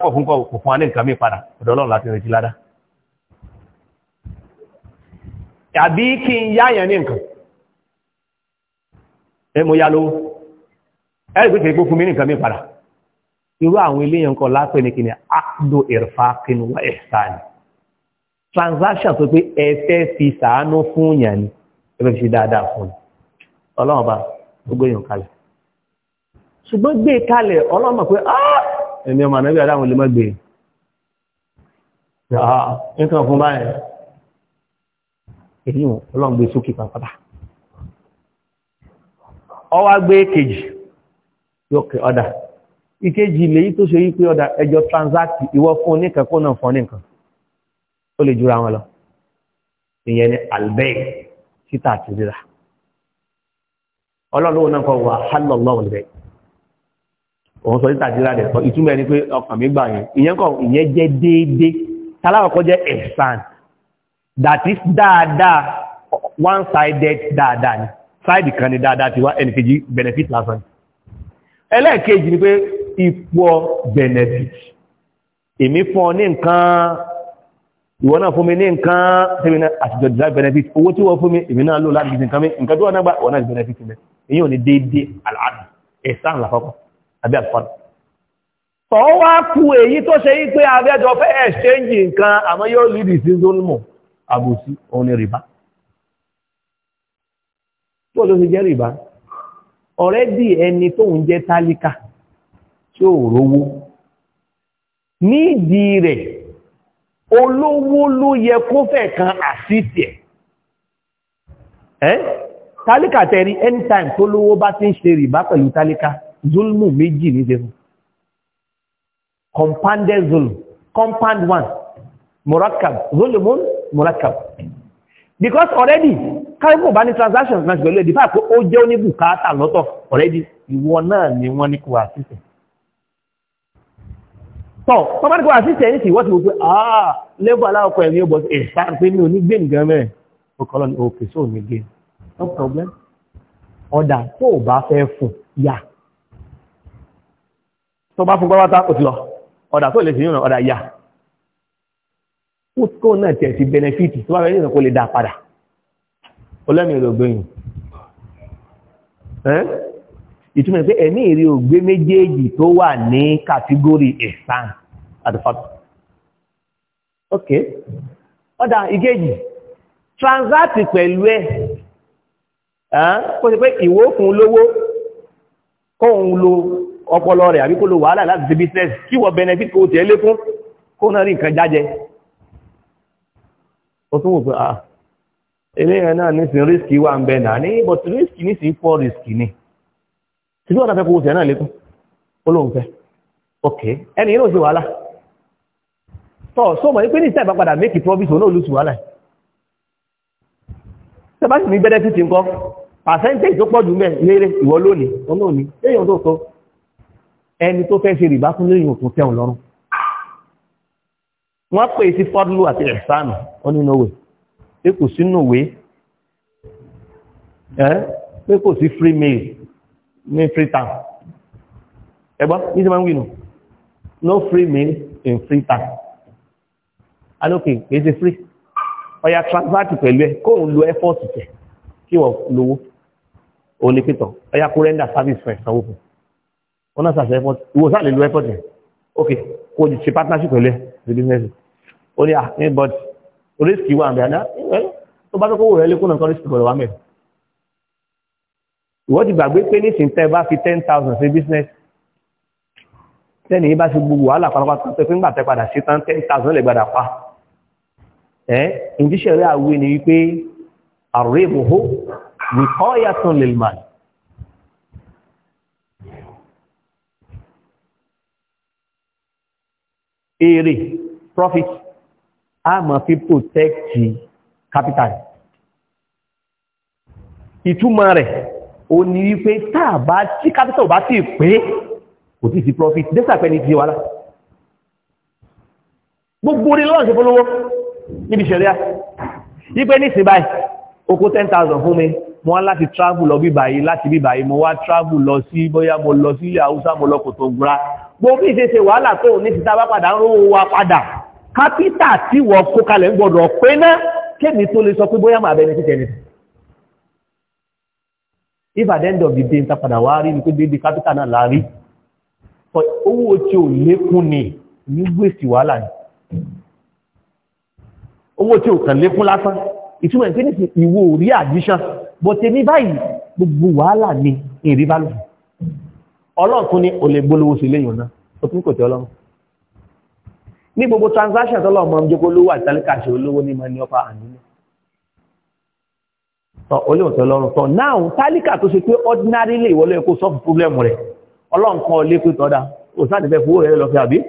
pọ̀ fún kò fún alé n yáyàn ní nǹkan ẹ mo yá lówó ẹ̀rì pípẹ́ ìgbó fún mi ní nǹkan mí padà irú àwọn iléyàn kan lápẹ́ ní kìíní àdó irfaqin wa ihsan transaction tó pé ẹ fẹ́ fi sàánú fún yàn ni ẹ fẹ́ fi dáadáa fún ni ọlọ́run bá gbogbo èèyàn kalẹ̀ ṣùgbọ́n gbé kalẹ̀ ọlọ́run pé áá ah, ẹ̀mí ọmọ ànábì adáwọn olè mọ́gbé nǹkan fún báyẹn èyí ọlọ́run gbé sókè pàpàdà ọwá gbé kejì yóò kẹ ọ̀dà ìkejì lèyí tó ṣe yí pé ọ̀dà ẹjọ́ transact ìwọ fún oníkẹ́kọ́ náà fún oníkan ó lè jura wọn lọ ìyẹn ni albeg títà àti rírà ọlọ́run náà kọ wà hálọ́lọ́wọ̀n bẹ́ẹ̀ òun sọ títà síra rẹ̀ sọ ìtumọ̀ ẹni pé ọkàn mi gbà yẹn ìyẹn kọ ìyẹn jẹ́ déédéé talákọ̀ọ́kọ́ jẹ́ ẹ̀sán that is dáadáa one sided dáadáa ni side kan ni dáadáa ti wá ẹni kejì benefit lásán ẹlẹ́ẹ̀kejì ni pé ipò benefit èmi fún ọ ní nǹkan ìwọ náà fún mi ní nǹkan tẹ́mi náà àtijọ́ design benefit owó tí wọ́n fún mi èmi náà lò láti gbèsè nǹkan mi nǹkan tí wọ́n náà gbà wọ́n náà benefit mi èyí ò ní déédéé àlàáfíà ẹ̀sán làkọ́kọ́ àbí àfọ́n tọ́ wá kú èyí tó ṣe yí pé abẹ́jọ fẹ́ ẹ̀ṣẹ́ǹjì nǹkan àmọ́ yóò lìdì sí zolmo àbòsí òun ni rìbá tó ló fi jẹ́ rìbá ọ̀rẹ́dì ẹni tóun jẹ́ tálíkà tí ò rówó nídìí rẹ̀ olówó ló yẹ kó fẹ́ kan àṣìṣẹ́ tálíkà tẹ́rí anytime tó lówó bá ti ń ṣe rìbá pẹ̀lú tálíkà zulmu méjì ní ṣe fún compounded zulm compound one murakkab Zulmu, murakkab because already káríkò bá ní transactions náà ṣùgbọ́n lè fàkó ó jẹ́ oníbùkátà lọ́tọ̀ already ìwọ náà ni wọ́n ní kò àṣìṣẹ́ tọ́ tọ́bá ní kò àṣìṣẹ́ ní sí wọ́n ti wò pé àà ah, lẹ́bù aláwọ̀kọ̀ ẹ̀mí ọgbọ̀ ẹ̀sà eh, pé mi ò ní gbé nǹkan mẹ́rin ó lọ́nà òkè sóò ní gbé no problem ọ̀dà tó bá fẹ́ fún yà tó bá fún pátá ó ti lọ ọ̀dà tó lè sí yóò ọ̀dà ìyá kó náà tẹ̀ sí benefit tó bá fẹ́ nìkan kó lè dá padà ọlẹ́mì rẹ̀ ògbẹ́yìn ìtumọ̀ pé ẹ̀mí ìrí ògbé méjèèjì tó wà ní kàtígórì ìsàn àdìfàtò ok ọ̀dà ìkejì transact pẹ̀lú ẹ̀ kó ṣe pé ìwó fún lówó kóhun lo ọpọlọ rẹ̀ àbí kó lo wàhálà láti ṣe business kí wọ benefit kó tẹ́ lé fún kó náà rí nǹkan jájẹ ó tún wò pé ah eléyàn náà nísìn risk wà ń bẹ náà ní but risk nísìn pọ̀ risk ni ṣùgbọ́n ọ̀nà fẹ́ kó tẹ́ náà lékún ó lóun fẹ́ ok ẹni yìí ló ṣe wàhálà tọ́ so mọ̀ pé ní ìta ìbápadà make profit òun náà lùsù wàhálà tẹ́ bá sì ní benefit nǹkan percentage tó pọ̀ jù mẹ́ lérè ìwọ lónìí òun náà ní lẹ́yìn tó sọ ẹni tó fẹ́ ṣe rìbá fún lẹ́yìn òtún tẹ́hùn lọ́rùn wọ́n pè sí fọ́dúlù àti ẹ̀sánù onínú òwe pé kò sínú òwe pé kò sí free mail ní freetown ẹgbọ́n ní ti máa ń wí nù no free mail in freetown alókè kìí ṣe free ọya transact pẹ̀lú ẹ kóun lo effort tẹ̀ kí wọ́n lówó òun ní pẹ̀tọ̀ ọya kó rẹ́ndà service fẹ̀ sanwó fún un wọ́n náà sàṣẹ airport ìwò sáà lè lo airport yẹn ok kò jù ṣe partnership pẹ̀lú ẹ̀ the business o ní à ah, ní but risk wà nbẹ àná eh, tó bá tó kó wò rẹ lékún náà kọ́ risk gbọ́dọ̀ wà mẹ́rin ìwọ́n ti gbàgbé pé ní ìsìntẹ́ bá fi ten thousand business tẹ́ni yìí bá ṣe gbogbo wàhálà pátápátá tó fi ń gbà tẹ́ padà sí tán ten thousand lè gbàdà pa ẹ́ ìdíṣẹ́ rẹ̀ àwé ni wípé àrùn èèmù hó yàtọ̀ lè mọ̀ èrè profit a máa fi protect capital ìtumọ̀ rẹ̀ ó ní wípé táà bá tí capital bá ti pé kò tí sí profit dẹ́sà pẹ́ ní ti wà láà gbogbo orí lọ́wọ́ ṣe fún lówó níbi ṣẹ̀ríà yí pé ní ìsìn báyìí 10,000 fún mi mo wá láti travel lọ bíbà yìí láti bíbà yìí mo wá travel lọ sí bóyá mo lọ sí ilẹ̀ haúsá mo lọ kòtògbòrá gbogbo ìṣẹ́ṣe wàhálà tó ní ti tábá padà ń wa padà kápítà tí wọ́n kó kalẹ̀ ń gbọ́dọ̀ pé ná kémi tó lè sọ pé bóyá màá bẹni títẹ̀ nìkan if at the end of the day ta padà wá rí ni pé dédé kápítà náà la rí owó tí ò lékún ni ní gbèsè wàhálà ni owó tí ò kàn lékún lásán ìtumọ̀ ìpé ní ìwò orí admission bọ̀ tèmi báyìí gbogbo wàhálà ní ìrí bá lùfù ọlọ́ọ̀tún ní o lè gbólówó sí léyìn náà o tún kò tẹ́ ọlọ́run ní gbogbo transaction tọ́lọ́ ọmọ ọmọdé olówó àtàlíkà money offer and nílẹ̀ tọ́ olóhùn tọ́ ọlọ́run tọ́ náà tálíkà tó ṣe pé ordinary lè wọlé ẹ̀kọ́ solve problem rẹ̀ ọlọ́run kan lé pé tọ́da kò sáà nífẹ̀ẹ́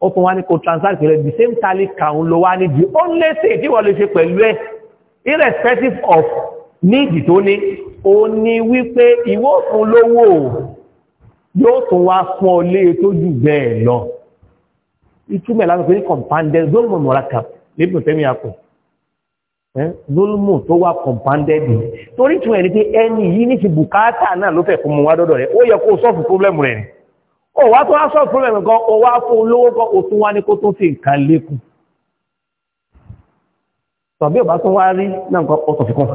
ó fún wa ní kò transaction rẹ̀ the same tálíkà ń lo wa ní the only thing tí wọ́n lè ṣe pẹ̀lú ẹ̀ irrespective of níìdì tó ní ó ní wípé ìwọ fún lówó yóò tún wá fún ọ lé tó jù bẹ́ẹ̀ lọ ìtumẹ̀ láti pé ní compounded zolmo moraka lébùn tẹ́mi àpò zolmo tó wá compounded torí tún ẹni pé ẹni yìí ní ti bùkátà náà ló fẹ́ fún mu wá dọ́dọ̀ rẹ̀ ó yẹ kó sọ́ọ̀fù problem rẹ̀ ni ó wá tó wá sọ́ọ̀fù problem kan ó wá fún olówó kan ó tún wá ní kó tó fi nǹkan lékun tọ̀bí ọba tó wá rí náà nǹkan ọ̀tọ̀ fi kún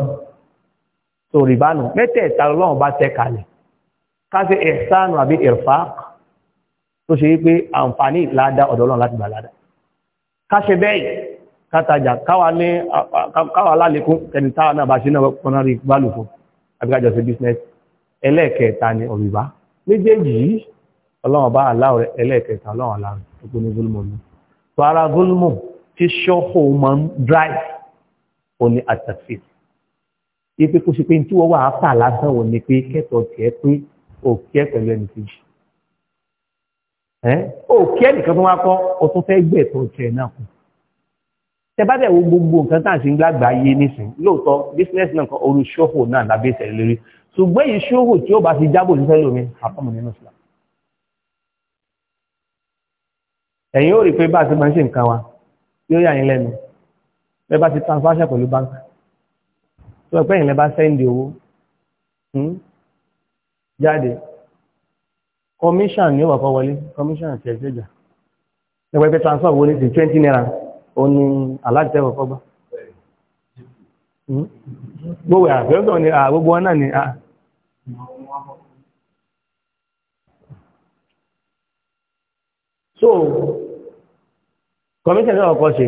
so rìbánu mẹ́tẹ̀ẹ̀ta ọlọ́run bá tẹ́ kalẹ̀ káṣe ẹ̀sánù àbí irfaq tó ṣe wípé àǹfààní ìlàdá ọ̀dọ̀ ọlọ́run láti gbàládà káṣe bẹ́ẹ̀ kátàjà káwà lálékún kẹni táwà náà bá ṣe náà pọnà rí gbálù fún àbíkájọ sí bísínẹ́sì ẹlẹ́ẹ̀kẹta ni ọ̀rìbá méjèèjì yìí ọlọ́run bá aláwọ̀ ẹlẹ́ẹ̀kẹta ọlọ́run aláwọ̀ tó gbóni gúlmù ní tó ara gúlmù tí ṣọ́kò máa ń drive ó ní àtàfíìs ipe kó ṣe pé tí wọ́n wà á fà lásán wò ni pé kẹ́tọ̀ọ́ tiẹ̀ pé òkè ẹ̀ pẹ̀lú ẹnì kejì òkè ẹnìkan tó wá kọ́ ó tún fẹ́ gbẹ̀ tó tiẹ̀ náà kù tẹ bá dẹ̀ wo gbogbo nǹkan tá à ń ṣe ń gbàgbà yé nísìnyí lóòótọ́ business náà kan oru ṣòwò náà lábẹ́ ìṣẹ̀lẹ̀ lórí ṣùgbọ́n èyí ṣòwò tí ó bá ti jábò ní sẹ́lẹ̀ omi àpamọ́ nínú ìṣẹ̀lẹ̀ ẹ̀yin ó rí i pé bá a ti máa ń ṣe nǹkan wa yóò yà yín lẹ́nu lẹ́bà ti transaction pẹ̀lú bank tó ẹ̀pẹ́ yìí lẹ́bà sẹ́ndì owó hmm, jáde commission ní ọ̀kọ́ wọlé commission àti ẹ̀jẹ̀jà lẹ́pẹ́ ẹgbẹ́ transfer wọlé sí 20 naira ó ní aláàtẹ̀ ọ̀kọ́ gbà hmm, gbogbo àfẹ́sọ̀ ni gbogbo ọ̀nà ni a so commission ní ọ̀kọ́ ṣe.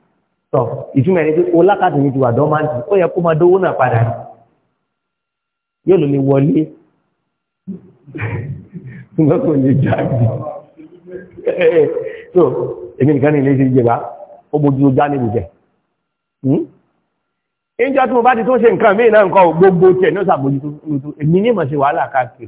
tọ ìtumọ̀ ẹni pé olákàtà mi ti wà dọ́mántì ó yẹ kó máa dówó náà padà yóò ló lè wọlé ṣùgbọ́n kò lè jáde so èmi nìkan ní ilé ṣe jẹba ó bójú ojú ánìbù jẹ ìjọ tí mo bá ti tó ṣe nǹkan mí náà nǹkan gbogbo tẹ̀ ní ó ṣàbójútó èmi ní ìmọ̀ ṣe wàhálà káàkiri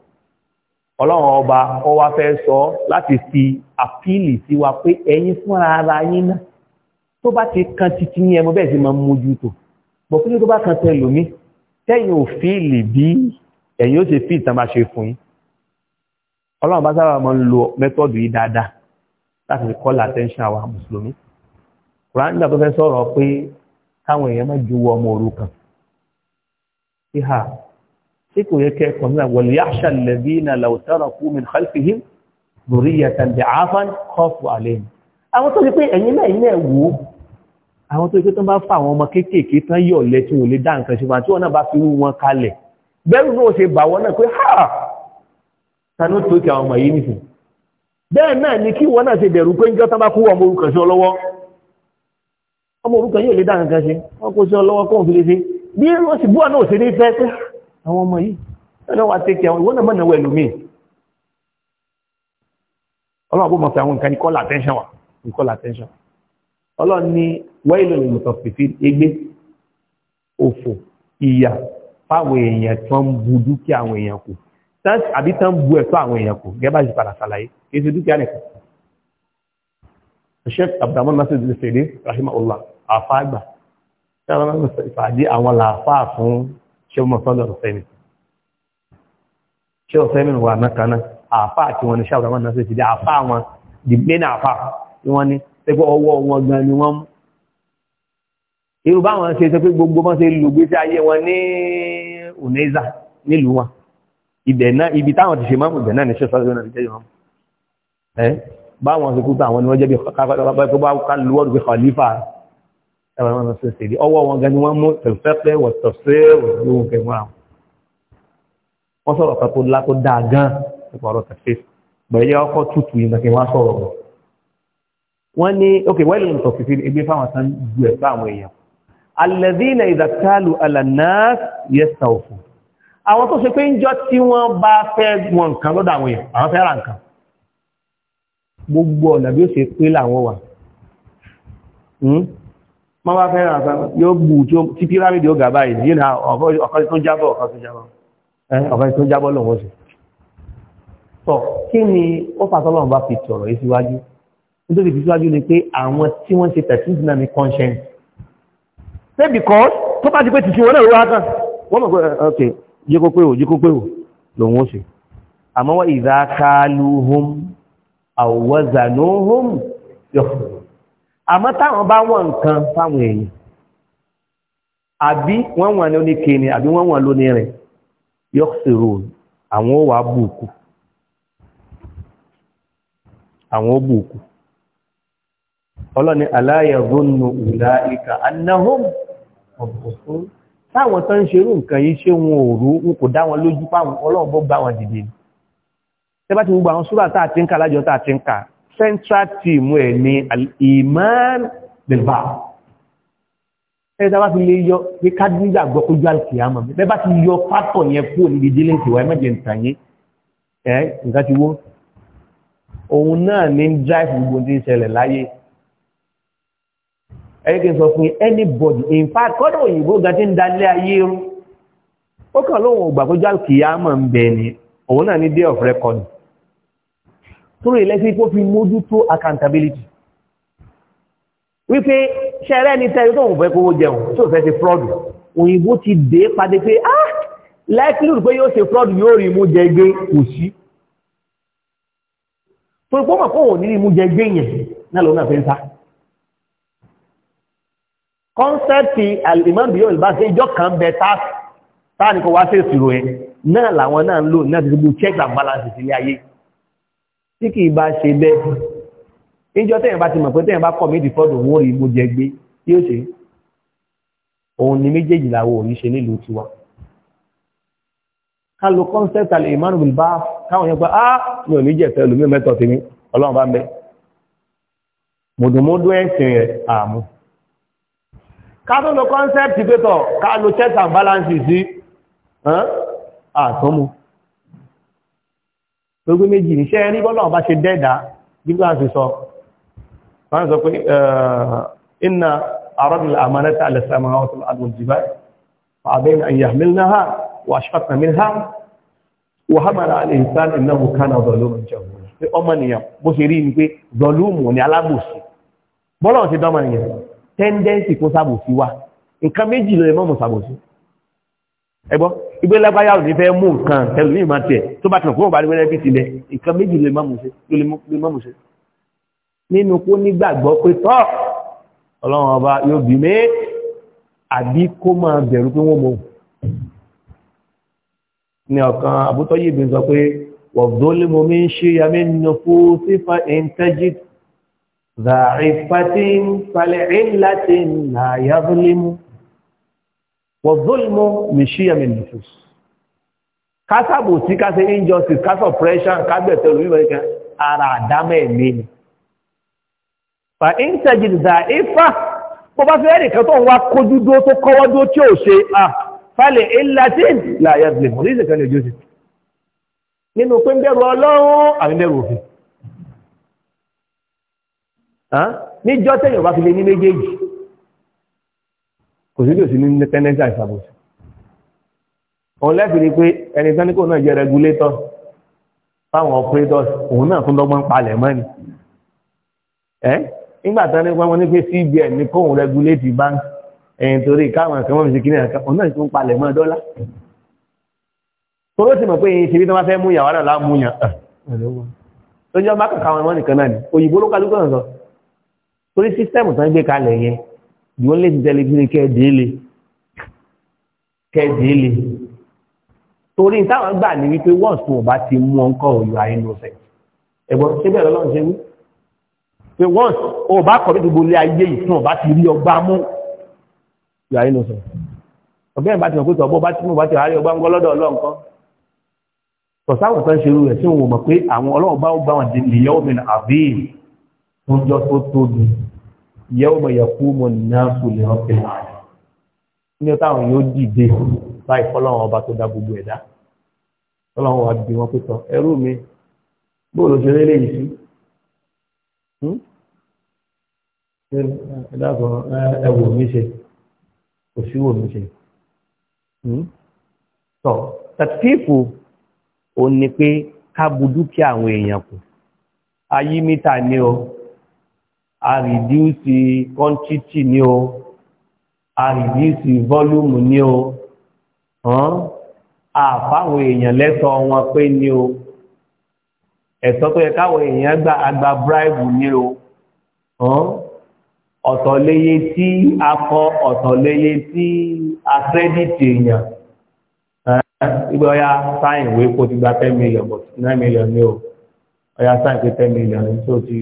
ọlọ́run ọba ó wá fẹ́ sọ láti fi àpíìlì sí wa pé ẹ̀yin fúnra ara yín náà tó bá ti kan titi yín ẹ mo bẹ́ẹ̀ sì máa mójú tó bọ̀ kí ló tó bá kan tẹ lómi tẹ́yìn ò fíìlì bí ẹ̀yin ó ṣe fi ìtàn bá ṣe fún yín ọlọ́run bá sábà máa ń lo mẹ́tọ́dù yìí dáadáa láti fi call attention àwa mùsùlùmí kùránì nígbà tó fẹ́ sọ̀rọ̀ pé káwọn èèyàn má ju ọmọ òrukàn tí kò yẹ kẹ́kọ̀ọ́ náà wọ̀lú yáṣà lẹ́bí na làwùtọ́rọ̀ kú mi khalfihim lórí yàtà bí àáfán kọ́fù àlẹ́yìn àwọn tó ti pé ẹ̀yìn náà ẹ̀yìn náà wò ó àwọn tó ti pé tó bá fa àwọn ọmọ kéékèèké tán yọ̀ lẹ́ tí wọ́n lè dá nǹkan ṣe wọn tí wọ́n náà bá fi wú wọn kalẹ̀ bẹ́rù náà ṣe bà wọ́n náà pé ha tanú tó kí àwọn ọmọ yìí nìfún bẹ́ẹ̀ náà ni kí wọ́n náà ṣe bẹ̀rù pé níjọ́ tán bá kú ọmọ orúkàn sí ọ lọ́wọ́ ọmọ orúkàn yóò lè dá nǹkan ṣe wọ́n kó sí ọ fi lè ṣe bí wọ́n sì bú ọ náà ò ṣe àwọn ọmọ yìí ẹ̀rọ wa tẹ́kẹ̀ àwọn ìwọ́n náà mọ̀ náwó ẹlòmíì ọlọ́run bó mọ̀ sí àwọn nǹkan ní call attention wa call attention ọlọ́run ní wẹ́ẹ̀lì olùtọ̀ fìfì egbé òfò ìyà fáwọn èèyàn tó ń bu dúkìá àwọn èèyàn kù àbí tó ń bu ẹ̀tọ́ àwọn èèyàn kù gẹ́gẹ́ bá ṣe padà ṣàlàyé kì í ṣe dúkìá nìkan sheikh abdulhamid nasir al-sidi rahimahullah àfáàgbà ṣé àwọn ìfàdí àwọn làáfàá fún ṣé o mọ̀ sọ́lọ̀ ọ̀sẹ́mi ṣé ọ̀sẹ́mi wà mẹ́ta náà àfá àti wọn ni ṣáàbùdà máa náà ti dé àfá wọn di mẹ́nà àfá ni wọ́n ní pẹ́pẹ́ ọwọ́ wọn gan ni wọ́n mú irú báwọn ṣe sọ pé gbogbo wọn ṣe lù gbé sí ayé wọn ní oneza nílùú wọn ibẹ̀ náà ibi táwọn ti ṣe mọ́mù ibẹ̀ náà ní ṣe sọ́lọ́ náà ti jẹ́ wọn ṣe kú ẹ̀rọ wọn ṣe ṣèlè ọwọ́ wọn gan ni wọ́n mú ìfẹ́pẹ́ wọ̀tọ̀fẹ́ òṣèlú kẹwọn àwọn wọ́n sọ̀rọ̀ pẹ́ kó lákó dáa gan nípa ọ̀rọ̀ tẹ̀fẹ́ gbẹ̀yẹ ọkọ̀ tútù yìí nàkẹ́ wọ́n sọ̀rọ̀ rọ̀ wọ́n ní ok wẹ́ẹ̀lì ń tọ̀fẹ́ fi ebi fáwọn tán ju ẹ̀fẹ́ àwọn èèyàn alẹ́dínà ìdàkálù alànàás yẹsà òfò àwọn tó ṣe pé ń jọ tí wọ́n bá fẹ́ ma bá fẹ́ràn àfẹ́ yóò bù tí pírámìdì ó gàbá yìí yìí náà ọ̀kan tó jábọ̀ ọ̀kan tó jábọ̀ ọ̀kan tó jábọ̀ lòun sì tọ̀ kí ni ó fàtọ́lọ̀ bá fi tọ̀rọ̀ yìí síwájú nítorí fi síwájú ni pé àwọn tí wọ́n ṣe tẹ̀sí ìdínà ní conscience ṣé because tó bá ti pé tìṣe wọn náà àmọ́ táwọn bá wọ́n nǹkan fáwọn èèyàn àbí wọ́n wọ́n ní oníke ni àbí wọ́n wọ́n lóní rẹ̀ yọ́ksìrò àwọn ó wà bùkù àwọn ó bùkù ọlọ́ni aláyẹ̀gúnnù ìlàíkà annahum ọ̀bùkún táwọn tán ń ṣerú nǹkan yìí ṣé wọn ò rú wọn kò dá wọn lójú páwọn ọlọ́run gbá wọn dìde tẹ́bá ti gbogbo àwọn súrà tá a ti ń kà lájọ tá a ti ń kà central team ẹ̀ ní al-iman bilba ẹ̀dá bá fi lè yọ pé kádínjà gbọ́ kójú alkiyama bẹ́ẹ̀ bá ti yọ pátọ̀ yẹn kúrò níbi délé ìtìwá ẹ mẹ́jẹ̀ ntàyé ẹ̀ nǹkan ti wó òun náà ní drive gbogbo tí ń ṣẹlẹ̀ láyé ẹ̀yẹ́ kí n sọ fún yín anybody in fact kọ́dọ̀ òyìnbó ga ti ń dalẹ̀ ayé rú ó kàn lóun ò gbà kójú alkiyama ń bẹ ni òun náà ní day of record tó rí lẹ́sí kó fi mójútó accountability wípé ṣẹrẹ́ ní tẹ́rí tó ń fẹ́ kówó jẹun tó fẹ́ ṣe fraud òyìnbó ti dé padé pé ah likelihood pé yóò ṣe fraud yóò rí mú jẹ gbé kò sí tó rí pọ́mọ̀ kóhùn ní mú jẹ gbé yẹn náà lọ́nà fẹ́ ń sá kọ́nsẹ́pì alimọ́bí yóò bá ṣe ìjọ kan bẹ táà ní kò wá sí ìṣirò yẹn náà làwọn náà ń lò náà ti gbogbo check and balance ilé ayé tí kìí bá ṣe bẹ́ẹ̀ níjọ́ tẹ́yìn bá ti mọ̀ pé tẹ́yìn bá kọ̀ mí ìdìfọ́dù wọn rí mo jẹ gbé tí ó ṣe òun ni méjèèjì làwọn òní ṣe nílùú tiwa ká lo concept àlè emmanuel bá káwọn yẹn pé á mi ò ní jẹ fẹ́ lómi mẹ́tọ̀ tèmi ọlọ́run bá ń bẹ mòdùmódù ẹ̀sìn rẹ̀ àmú ká tó lo concept pé tọ̀ ká lo checks and balances sí àtúnmu lógún méjì níṣẹ́ rí bọ́lá ọba ṣe dẹ́dà gbígbà sí sọ wọ́n sọ pé inna aradul amanata ala samawati wal ardi wal jibal fa'abayna an yahmilnaha wa ashfaqna minha wa hamala al insanu innahu kana zaluman jahula pé ọmọ nìyàn bó ṣe rí ni pé zọlúmù ẹgbọ́n ìgbé lágbáyà ò ní fẹ́ mú nǹkan ẹlùmí ìmá tiẹ̀ tó bá tàn fún ọ̀bá níwẹ̀rẹ́ bí tilẹ̀ nǹkan méjì lè má mú ṣe nínú kó nígbàgbọ́ pé tọ́ ọlọ́run ọba yóò bí mé àbí kó máa bẹ̀rù pé wọ́n mọ̀ ní ọ̀kan àbútọ́ yìí bí sọ pé wọ̀bdólé mo mi ń ṣe yàmí nínú fún sífà ìntẹ́jì zàrífàtí ń falẹ̀ ìlàtí ń nà yàbúlé wọ́n zolmo mìṣíyàmì nìfus kásàbò sí kásẹ̀ injustice kásọ̀ pressure kágbẹ̀tẹ̀ olùwíwọ̀ ẹ̀kẹ́ ara àdámẹ́ ẹ̀mí ni fa intajid da ifa bó bá fẹ́ ẹ̀rìkan tó ń wá kójú dó tó kọ́wọ́ dó tí ò ṣe à falẹ̀ ilatin láyé ẹ̀sìn mọ̀ ní ìsìnkan ní ojú sí nínú pé ń bẹ̀rù ọlọ́run àmì bẹ̀rù òfin níjọ́ tẹ̀yìn ọba fi lè ní méjèèjì kò sí tòsí ní independence and service òun lẹ́fìrí pé ẹni sáníkò náà jẹ́ regulator fáwọn operators òun náà tún dọ́gbọ́n palẹ̀ mọ́ ni ẹ́ nígbà tán ní wọ́n ní pé CBN ní kóun regulate bank ẹ̀yìn torí káwọn kan mọ́ fi kíní àkà òun náà tún palẹ̀ mọ́ dọ́là tó ló sì mọ̀ pé èyí ṣe bí tó bá fẹ́ mú ìyàwó náà lámúyàn tó jẹ́ bá kàkà wọn mọ́ nìkan náà ni òyìnbó ló kálukọ̀ sọ torí sísẹ́mù tán gbé kalẹ̀ yẹn the only thing tẹ́lẹ̀ gbé kẹ́ẹ̀dẹ́lẹ̀ kẹ́ẹ̀dẹ́lẹ̀ torí táwọn gbà ní wípé once tó bá ti mú ọkọ̀ òyò àìnúfẹ́ ẹ̀gbọ́n ṣé bẹ́ẹ̀ lọ́nà ṣe wí pé once ó bá kọ̀ nítorí gbogbo ayé ìtún ọba ti rí ọgbà mú òyò àìnúfẹ́ ọgbẹ́ ìbá ti mọ̀ pé tọ́gbọ́ bá ti mú bá ti rárí ọgbà ńkọ́ lọ́dọ̀ ọlọ́nkọ́ tọ̀sáwùn kan ṣerú rẹ̀ tí òun mọ̀ pé àwọn ọlọ́run bá ń bá wọn di nìyọ́ òmìnira àbí oúnjẹ tó tóbi yawma yaqumu an-nasu li rabbil alamin ní ọ̀tá àwọn yóò dìde báyìí fọlọ́wọn ọba tó dá gbogbo ẹ̀dá fọlọ́wọn wa bí wọn pé sọ ẹrú mi bóòlù ṣe lé léyìí sí hmm? ẹ̀dá kan ẹ̀wò mi ṣe kò sí wò mi ṣe hmm? tọ tàtífù òun ni pé ká bu dúkìá àwọn èèyàn kù ayé mítà ni o a reduce kọ́ńtítì ní o a rìdíùsì vọ́lúmù ní o àfáwọn èèyàn lẹ́tọ̀ wọn pé ní o ẹ̀tọ́ tó yẹ káwọn èèyàn gba agba bíráìbù ní o ọ̀tọ̀léye tí a kọ ọ̀tọ̀léye tí a kírẹ́dìtì èèyàn ìgbé ọya sáìn ìwé kó ti gba 10 million but 9 million ní o ọya sáìn pé 10 million tó ti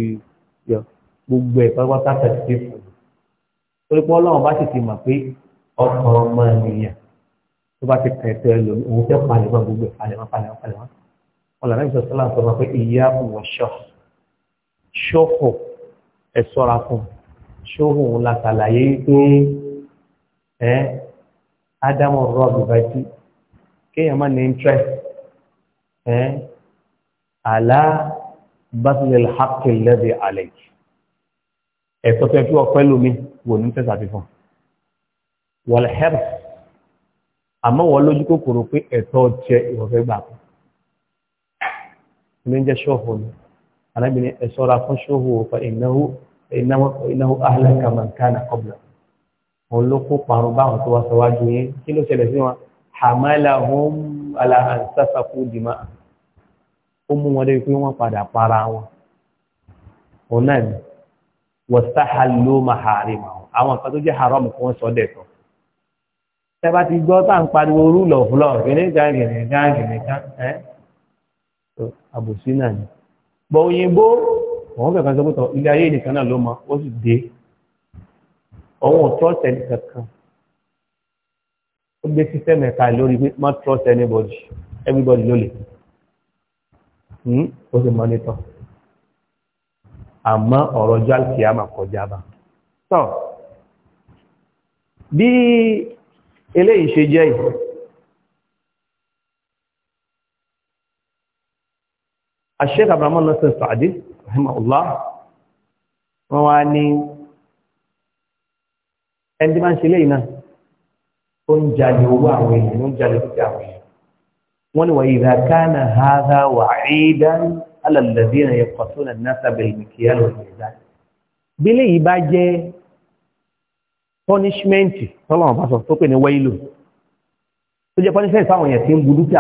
gbogbo ẹ̀ pátápátá tẹ̀sí fún un torí pé ọlọ́run bá sì ti mọ̀ pé ọkàn ọmọ ènìyàn tó bá ti kàn ẹ̀tọ́ ẹ lò òun fẹ́ palẹ̀ mọ́ gbogbo ẹ̀ palẹ̀ mọ́ palẹ̀ mọ́ palẹ̀ mọ́ ọlọ́run ìṣọ̀ sọ́lá sọ ma pé ìyá wọ̀ ṣọ́ ṣọ́fọ̀ ẹ̀ sọ́ra fún ṣọ́hùn làkàlàyé pé ẹ ádámù rọ́ọ̀bù bá jí kéèyàn má ní interest ẹ àlá bá ti lè hàkìlẹ́dẹ̀ àlẹ́ yìí ẹ̀tọ́ tẹ́ fi ọpẹ́ lómi wò ní tẹ́sà fífọ́n wọ́n hẹ́rù àmọ́ wọ́n lójú kòkòrò pé ẹ̀tọ́ jẹ ìwọ̀fẹ́ gbà kú ní jẹ́ ṣọ́hù ni alábìnrin ẹ ṣọ́ra fún ṣọ́hù fa ìnáwó ìnáwó ahlaka man kana ló kó parun báwọn tó wá síwájú yẹn kí ló ṣẹlẹ̀ sí wọn hamalahum ala an dima ó mú wọn dé pé wọ́n padà para wọn òun náà wọ̀sáhàlú maharimu àwọn nǹkan tó jẹ́ haram kí wọ́n sọ dẹ̀tọ̀ tẹ́bá ti gbọ́ tá ń pariwo rule of law gẹ̀rẹ́gàn gẹ̀rẹ́gàn gẹ̀rẹ́gàn ẹ́ àbòsí náà ni bọ̀ òyìnbó òun kẹ̀kẹ́ sọ pé ilé ayé nìkan náà ló mọ ó sì dé òun ò trust ẹni kankan ó gbé sísẹ́mù ẹ̀ka lórí pé má trust anybody everybody ló lè hmm? ó sì mọ́ nítọ́ àmọ́ ọ̀rọ̀ ọjọ́ alkiyama kọjá bá tọ́ bí eléyìí ṣe jẹ́ yìí Sheikh Abdurrahman Nasir Sa'di rahimahullah wọ́n wá ní ẹni máa ń ṣe léyìn náà ó ń jalè owó àwọn èèyàn ó ń jalè dúkìá àwọn èèyàn wọ́n ní wa idha kana hadha wa'idan ala alladhina yaqtuna an-nasa bil mikyal wal mizan bí léyìí bá jẹ́ punishment tọ́lọ́wọ́n bá sọ tó pè ní wáìlò tó jẹ́ punishment fáwọn èèyàn tí ń bu dúkìá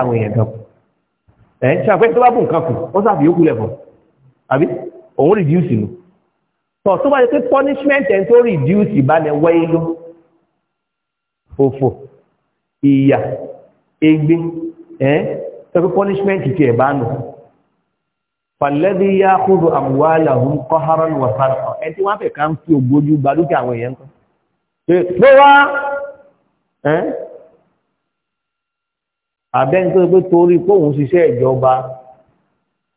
ìyà ègbé ẹ̀ tọ́ pé punishment ti nù pàlẹ́bí yá kúrò àmúwálà ń kọ́ haran wà sára ẹ tí wọ́n fẹ́ ká ń fi ògbójú gba dúkìá àwọn èèyàn kan. pé wá àbẹ́ni tó pé torí kóhun ṣiṣẹ́ ìjọba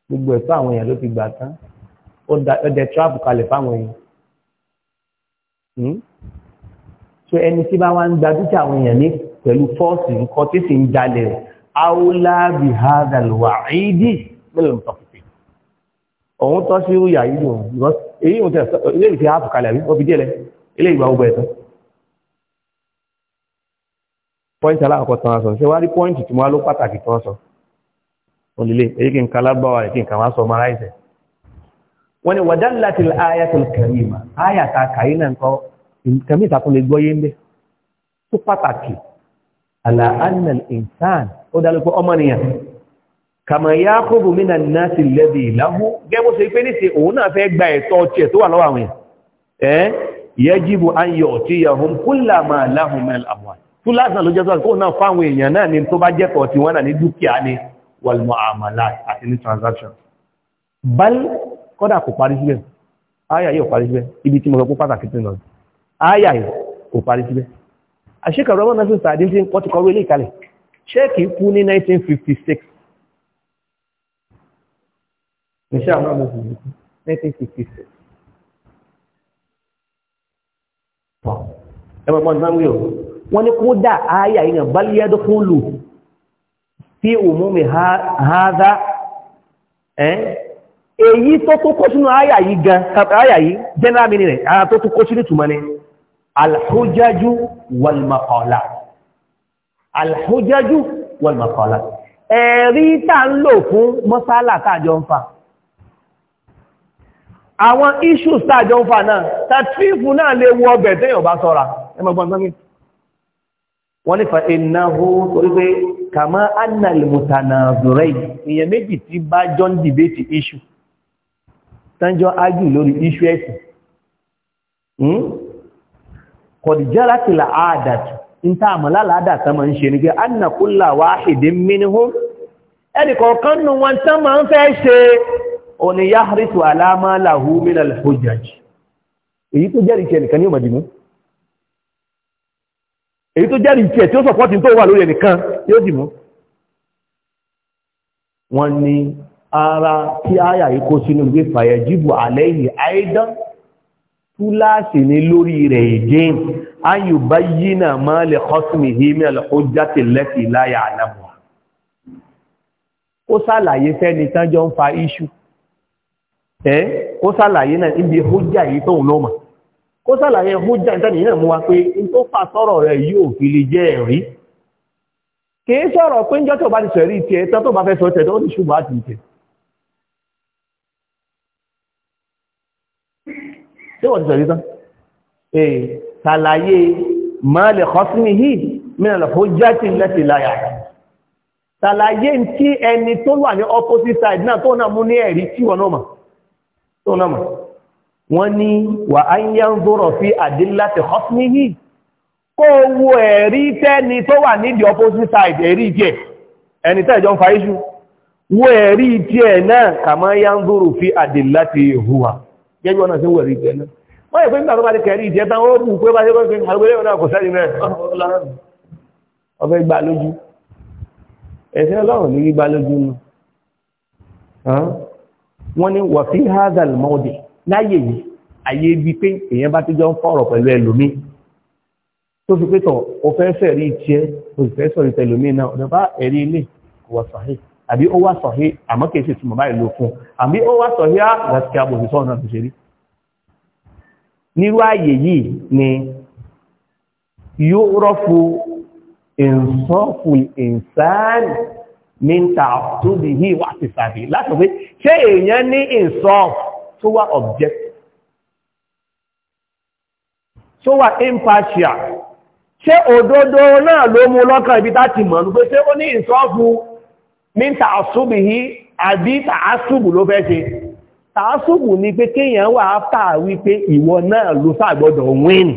gbogbo ẹ̀ fún àwọn èèyàn ló ti gbà tán ó dẹ tíráàpù kalẹ̀ fáwọn èèyàn. Hmm? so ẹni tí bá wá ń gba dúkìá àwọn èèyàn ní pẹ̀lú fọ́ọ̀sì nǹkan tí sì ń jalè rẹ̀ áwòlá bìhádàlùwà ìdí mélòó nǹkan. òun tọ́ sí ìrúyà yìí eyi because èyí òun tẹ̀ ilé ìfẹ́ ààbò kalẹ̀ àbí wọ́n fi díẹ̀ lẹ ilé ìgbà gbogbo ẹ̀tọ́. pọ́ìntì alákọ̀ọ́kọ́ tán aṣọ ṣé wá rí pọ́ìntì tí mo wá ló pàtàkì tán aṣọ onílé èyí n ka rẹ̀ sọ mara ẹ̀sẹ̀. wọ́n ní ta náà nǹkan ìtàkùn lè gbọ́ yé ń kàmà yá kóbù mínà náà sí lẹ́bì ìlàmú gẹ́gbó ṣe pé ní sí òun náà fẹ́ gba ẹ̀tọ́ tiẹ̀ tó wà lọ́wọ́ àwọn ẹ̀ yẹ jíbu ayọ̀ tí yahun kúlà máa láhùn mẹ́l àwọn túláàsán ló jẹ́ sọ́rọ̀ kóò náà fáwọn èèyàn náà ni tó bá jẹ́kọ̀ tí wọ́n náà ní dúkìá ní wàlmọ̀ àmàlà àti ní 1956 Michel Arnaud Mobubuku, 1966. Ẹ máa mọ́ ní máa ń wí o. Wọ́n ní kódà ayé àyíyàn balíyàdó fún lù tí òmú mi háádá. Èyí tó tó kó sínú ayà yìí gan, ayà yìí, general meaning rẹ̀, ara tó tó kó sínú ìtumọ̀ ni, alhujaju walmakọ̀ọ̀lá. Alhujaju walmakọ̀ọ̀lá. Ẹ̀rí tá ń lò fún mọ́sálà tàjọ ń fà àwọn issues tàjọ ń fà náà tàtífù náà lè wọ ọbẹ̀ tẹ́yàn bá sọ́ra ẹmọ̀gbọ́n sọ́mí wọ́n nífà ìnáhó torí pé kàmá annalmutana zure èyàn méjì tí bá jọ ń dìbétì issue tánjọ́ ágì lórí issue ẹ̀sìn kọ̀dìjára hmm? ti là áàdàtù in ta àmàlá láàdàtà ma ń nù wọn tán ma ń fẹ́ ṣe òní yáhàrìtù alámàláhù mínà lẹ́fọ́jájì èyí tó jẹ́rìí tí ẹnìkan ní ọmọdé mú èyí tó jẹ́rìí tí ẹ̀ tí ó sọ̀pọ̀tì tó wà lórí ẹnìkan tí ó dì mú wọ́n ní ara tí àyà yìí kó sínú gbé fàyẹ̀ jíbù àlẹ́yìn àìdán túláàsì ní lórí rẹ̀ èdè ayù bá yínà máa lè kọ́sùmì hìmí ọjọ́tì lẹ́fì láyà àlàmù ó sàlàyé fẹ́ni tán ń fa iṣu ẹ́ ó sàlàyé náà níbi hójá yìí tóun lọ́mà ó sàlàyé hójá ìtàní náà mú wa pé in tó sọ́rọ̀ rẹ̀ yóò fi lè jẹ́ ẹ̀rí kìí pé ń jọ́tọ̀ bá ti sọ̀rí ti ẹ̀tọ́ tó bá fẹ́ yìí mìíràn lọ ti lẹ́sìn láyà ẹni tó wà ní tó náà mọ̀ wọ́n ní wà á ń yá ń zọ́rọ̀ sí àdílá ti hosni yìí kó wo ẹ̀rí tẹ́ni tó wà ní the opposite side ẹ̀rí jẹ́ ẹni tẹ́jọ ń fa iṣu wo ẹ̀rí jẹ́ náà kàmọ́ yá ń zọ́rọ̀ sí àdílá ti hùwà gẹ́gbẹ́ wọ́n ní wà fi hazal mọ́ọ̀dì láyé yìí ayé bí pé èèyàn bá ti jọ ń fọ̀rọ̀ pẹ̀lú ẹlòmí tó fi pé tọ̀ o fẹ́ sẹ̀rí tiẹ̀ o sì fẹ́ sọ̀rí tẹlòmí náà ọ̀dọ̀ bá ẹ̀rí ilé kò wà sọ̀hí àbí ó wà sọ̀hí àmọ́ kìí ṣe túmọ̀ báyìí ló fún àbí ó wà sọ̀hí á gàtìkì àbòsí sọ̀rọ̀ náà ní ta tóbi yìí wà ti sàbí láti pé ṣé èèyàn ní insult tó wà object tó wà impartial ṣé òdodo náà ló mú lọ́kàn ibi tá ti mọ̀ ní pé ṣé ó ní insult ní ta tóbi yìí àbí tàásùbù ló fẹ́ ṣe tàásùbù ni pé kéèyàn wà áfà wípé ìwọ náà ló sàgbọ́dọ̀ win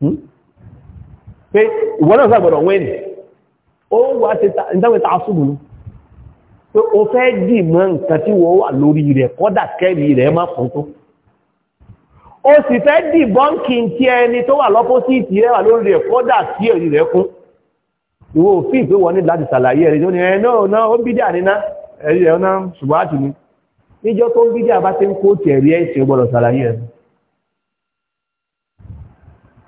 hmm? pé ìwọ́n náà sàgbọ̀dọ̀ wẹ́nì ó wà ti ìdáwẹ̀ta asúgbùn pé o fẹ́ dì mọ́ nǹkan tí wọ́n wà lórí rẹ̀ kọ́dà kẹ́rì rẹ̀ má kún tó o sì fẹ́ dì bọ́ǹkì tí ẹni tó wà lọ́pọ́sìtì rẹ̀ wà lórí rẹ̀ kọ́dà kẹ́rì rẹ̀ kún ìwọ òfin ìpé wọ́n ní láti sàlàyé ẹ̀rí ní ẹ̀ náà ó bídà níná ẹ̀rí rẹ̀ náà ṣùgbọ́n àtìní níjọ́ tó ń bídà bá ti ń kó tẹ̀rí ẹ̀sìn ọgbọ́dọ̀ sàlàyé ẹ̀rí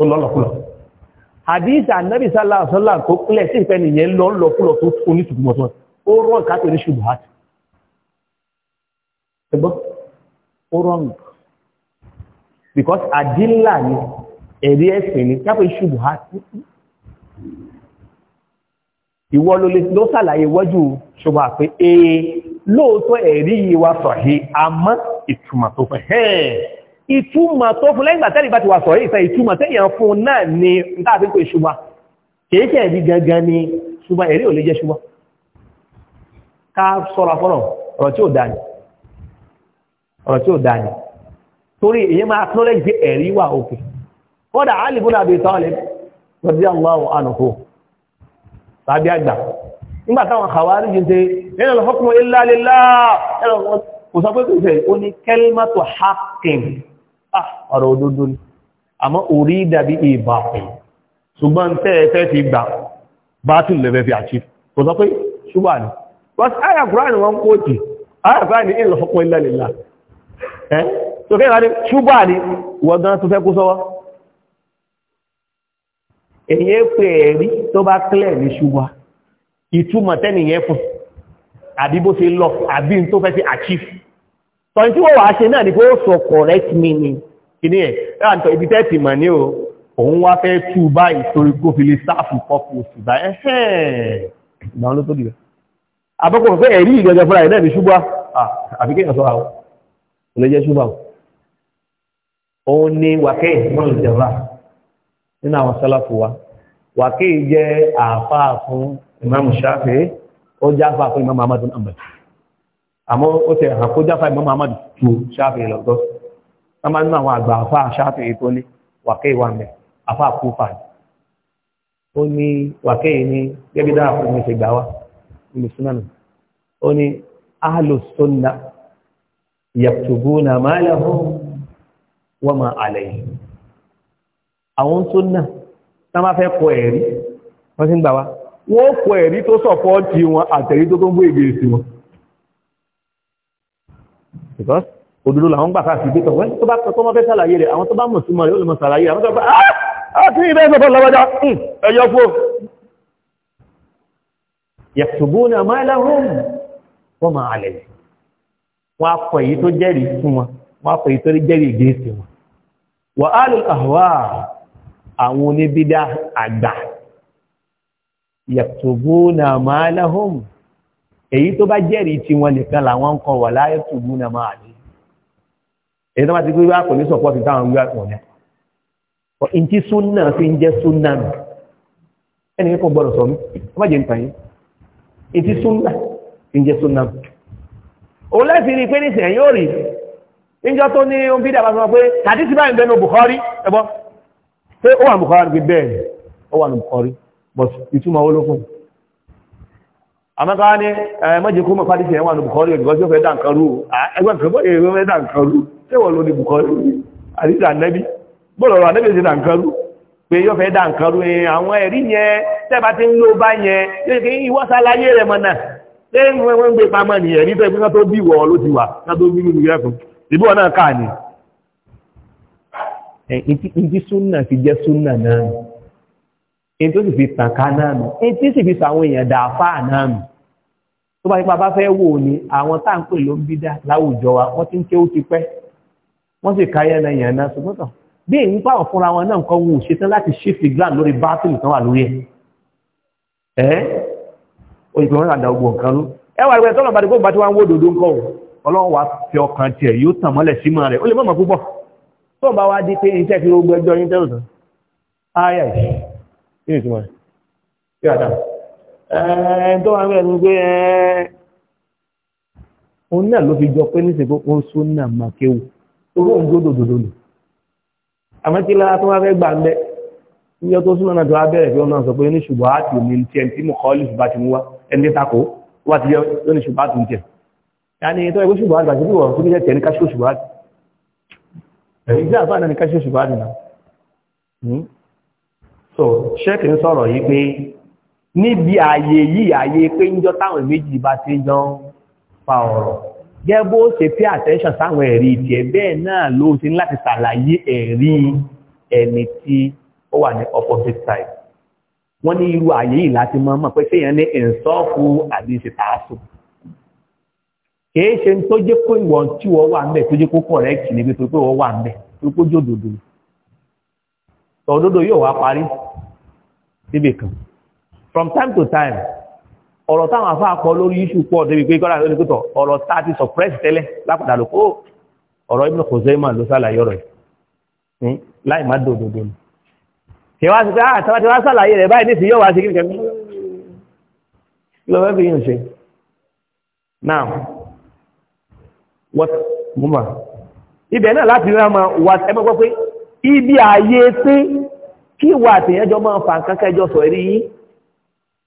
tó lọ́lọ́kúlọ̀ àdíjà nẹ́bí sálàsọ́là tó kúnlẹ̀ sí ìfẹ́ nìyẹn lọ́lọ́kúlọ̀ tó onítùkùmọ̀tọ́ ó rọ́n kápẹ̀ ní ṣubhat ẹgbọ́n ó rọ́n because àdílà ni ẹ̀rí ẹ̀sìn ni kápẹ̀ ṣubhat ìwọ ló sàlàyé wọ́jú ṣubha pé ee lóòótọ́ ẹ̀rí yìí ìtumọ̀ tó fún lẹ́yìn àtẹ́lì bá ti wà sọ̀rọ̀ ìfẹ́ ìtumọ̀ tẹ́yàn fún náà ni nǹkan àti pé ṣùgbà kìí ṣe ẹ̀dí gangan ni ṣùgbà èrè ò lè jẹ́ ṣùgbà ká sọ́ra fọ́nà ọ̀rọ̀ tí ó dáni ọ̀rọ̀ tí ó dáni torí èyí máa acknowledge pé ẹ̀rí wà òkè kódà Ali ibn Ah, ọ̀rọ̀ òdodo ni àmọ́ orí dàbí ìbà pẹ̀lú ṣùgbọ́n tẹ́ ẹ fẹ́ fi gbà bátùn lẹ́fẹ́ fi àti kò sọ pé ṣùgbà ní wọ́n ayà kùránì wọ́n kó jì ayà kùránì ìlọ fọ́pọ̀ ilẹ̀ lè láà ẹ́ tó kẹ́ ìrànlẹ́ ṣùgbà ní wọ́n gan tó fẹ́ kó sọ́wọ́ èyí pé ẹ̀rí tó bá clear ní ṣùgbà àbí bó ṣe lọ àbí tó fẹ́ fi achieve tọ́yìn tí wọ́n wàá ṣe náà ni pé ó sọ correct meaning kìíní ẹ̀ láà nìkan ibi tẹ́ẹ̀tì mọ̀ ní o òun wá fẹ́ tú báyìí torí kó fi lè sáàfù pọ́pù oṣù báyìí ẹ̀hẹ́n ìgbàwọn ló tó dìbẹ̀ àbọ́kọ̀ pé ẹ̀rí ìgbẹ̀jẹ̀ fúnra ẹ̀ náà ní ṣùgbọ́n àfi kéèyàn sọ àwọn kò lè jẹ́ ṣùgbọ́n òun ni wàkẹ́ ìmọ̀lù jẹ̀rà àmọ́ ó tẹ̀ hàn kó jáfà ìmọ́ Muhammad ju ṣáfì lọ́gọ́ wọ́n máa ń ná àwọn àgbà afá ṣáfì tó ní wàkẹ́ ìwà mẹ́ afá kú fàní ó ní wàkẹ́ yìí ní gẹ́gẹ́ dára fún mi ṣe gbà wá nínú ó ní ahlu sunna yaktubuna ma lahum wa ma alayhim àwọn súnà tán bá fẹ́ kọ ẹ̀rí wọ́n ti ń gbà wá wọ́n kọ ẹ̀rí tó sọ̀pọ̀ ti wọn àtẹ̀rí tó tó ń gbé ìgbésí wọn because òdodo làwọn gbà káàkiri gbé tọ̀wẹ́ tó bá tọ́ mọ́ fẹ́ sàlàyé rẹ̀ àwọn tó bá mọ̀ súnmọ́ rẹ̀ ó sàlàyé àwọn tó bá ah! Ah, kí ìbẹ́ ìfẹ́fẹ́ lọ́wọ́dá hmm, ẹ̀yọ́ fún yàtùbúnà èyí tó bá jẹ́rìí tí wọn nìkan làwọn ń kọ wà láyé tùbú náà máa dé èyí tó bá ti gbé wá kò ní sọpọ́tì táwọn wíwá pọ̀ ní. ìntí súnà fi ń jẹ́ súnà nù ẹni kò gbọ́dọ̀ sọ mí ó má jẹ́ nǹkan yìí ìntí súnà fi ń jẹ́ súnà nù. òun láti rí pé nísìnyẹn yóò rí níjọ́ tó ní ohun bí dàbà sọ pé tàbí ti báyìí bẹnu Bukhari ẹ̀bọ́ pé ó wà Bukhari bẹ́ẹ̀ ni ó wà Bukhari but ìtumọ̀ olókùn àmọ́ká ní ẹ̀mọ́jì kó mọ̀ fàdíṣẹ́ ẹ̀wọ̀n ní Bukhari ẹ̀gbọ́n tí ó fẹ́ dà nǹkan rú ẹgbẹ́ nǹkan bọ́ èrò fẹ́ dà nǹkan rú tí wọ́n ló ní Bukhari àdíṣẹ́ ànẹ́bí bọ́ọ̀lọ̀ ànẹ́bí ti dà nǹkan rú pé yóò fẹ́ dà nǹkan rú àwọn ẹ̀rí yẹn tẹ́bà ti ń ló bá yẹn yóò ṣe ìwọ́ sàlàyé rẹ̀ mọ̀ náà ṣé wọ́n ń gbé pamọ́ ní ẹ̀rí tẹ́ fún tó bí wọ̀ ló ti wà ká tó bí nínú yẹ́kùn ìbí wọn náà káà ni. ìdí súnà ti jẹ́ súnà náà èyí tó sì fi tàn ká náà nù èyí tí sì fi sàwọn èèyàn dàáfà náà nù tó bá nípa bá fẹ́ wò ní àwọn tá ń pè ló ń bídá láwùjọ wa wọ́n ti ń ké ó ti pẹ́ wọ́n sì káyẹ́ na yàn náà ṣùgbọ́n tàn bí èyí ń pàwọ̀ fúnra wọn náà nǹkan wù ṣetán láti shift ground lórí battle tán wà lórí ẹ̀ ẹ́ òyìnbó wọn àdá ogun nǹkan ló ẹ wà rẹ tọ́lọ̀ bá dìgbò bá tí wọ́n wó dòdó nǹkan o ọlọ́run wa fi ọkàn tiẹ̀ yóò tàn mọ́lẹ̀ sí mọ́ rẹ̀ ó lè mọ̀ púpọ̀ tó ń bá wá dé pé iṣẹ́ fi gbogbo ẹjọ́ yín tẹ́lẹ̀ tán áyà yìí kí ni ìtumọ̀ rẹ̀ yóò dáa ẹ̀ẹ́n tó wà bẹ́ẹ̀ ni pé ẹ̀ẹ́n òun náà ló fi jọ pé ní ìsìnkú ó sún náà mà kéwù owó ń gbódò dòdò nù àmọ́ tí lára tó wá fẹ́ gbà ń bẹ́ ní ọjọ́ súnmọ́ náà tó wá bẹ̀rẹ̀ fi ọ̀nà sọ pé ní ṣùgbọ́n àti òní ti ẹni tí mo kọ́ lè ṣùgbọ́n ti mú wá ẹni tí takò wá ti yẹ ló ní ń tiẹ̀ yáni tó ẹgbẹ́ ṣùgbọ́n àti àṣírí wọ̀n tó ní tẹ̀ ní káṣíkò ṣùgbọ́n níbi ààyè yìí ààyè pé ń jọ táwọn méjì bá ti jọ ń fa ọ̀rọ̀ gẹ́ bó ṣe pé attention sáwọn ẹ̀rí ìtì ẹ̀ bẹ́ẹ̀ náà ló ṣe ní láti ṣàlàyé ẹ̀rí ẹni tí ó wà ní opposite side wọ́n ní irú ààyè yìí láti mọ́ mọ́ pé séèyàn ní ìǹsọ́ọ̀fù àbí ṣe tààsù kìí ṣe tó jẹ́ kó ìwọ̀n tí wọ́n wà ń bẹ̀ tó jẹ́ kó correct níbi tó pé wọ́n wà ń bẹ̀ tó kó jòdòdò tọ̀dòdò yóò wá parí síbì kan from time to time ọ̀rọ̀ táwọn afá akọ lórí iṣu pọ̀ débi pé kọ́ra lórí kútọ̀ ọ̀rọ̀ tá a ti sọ press tẹ́lẹ̀ lápàdà lóko ọ̀rọ̀ Ibn Khuzaymah ló ṣàlàyé ọ̀rọ̀ yìí láì má dòdòdò ni. kí wọ́n á sọ pé ah tí wọ́n á ṣàlàyé rẹ̀ báyìí nísìnyí yóò wá sí kíkẹ́ kí ló fẹ́ fi yín ṣe. now what mo mà ibẹ̀ náà láti rán ma wà ẹ mọ́ pé ibi ààyè pé kí wà àtẹ̀yẹ́jọ́ máa fà kankan ẹjọ́ sọ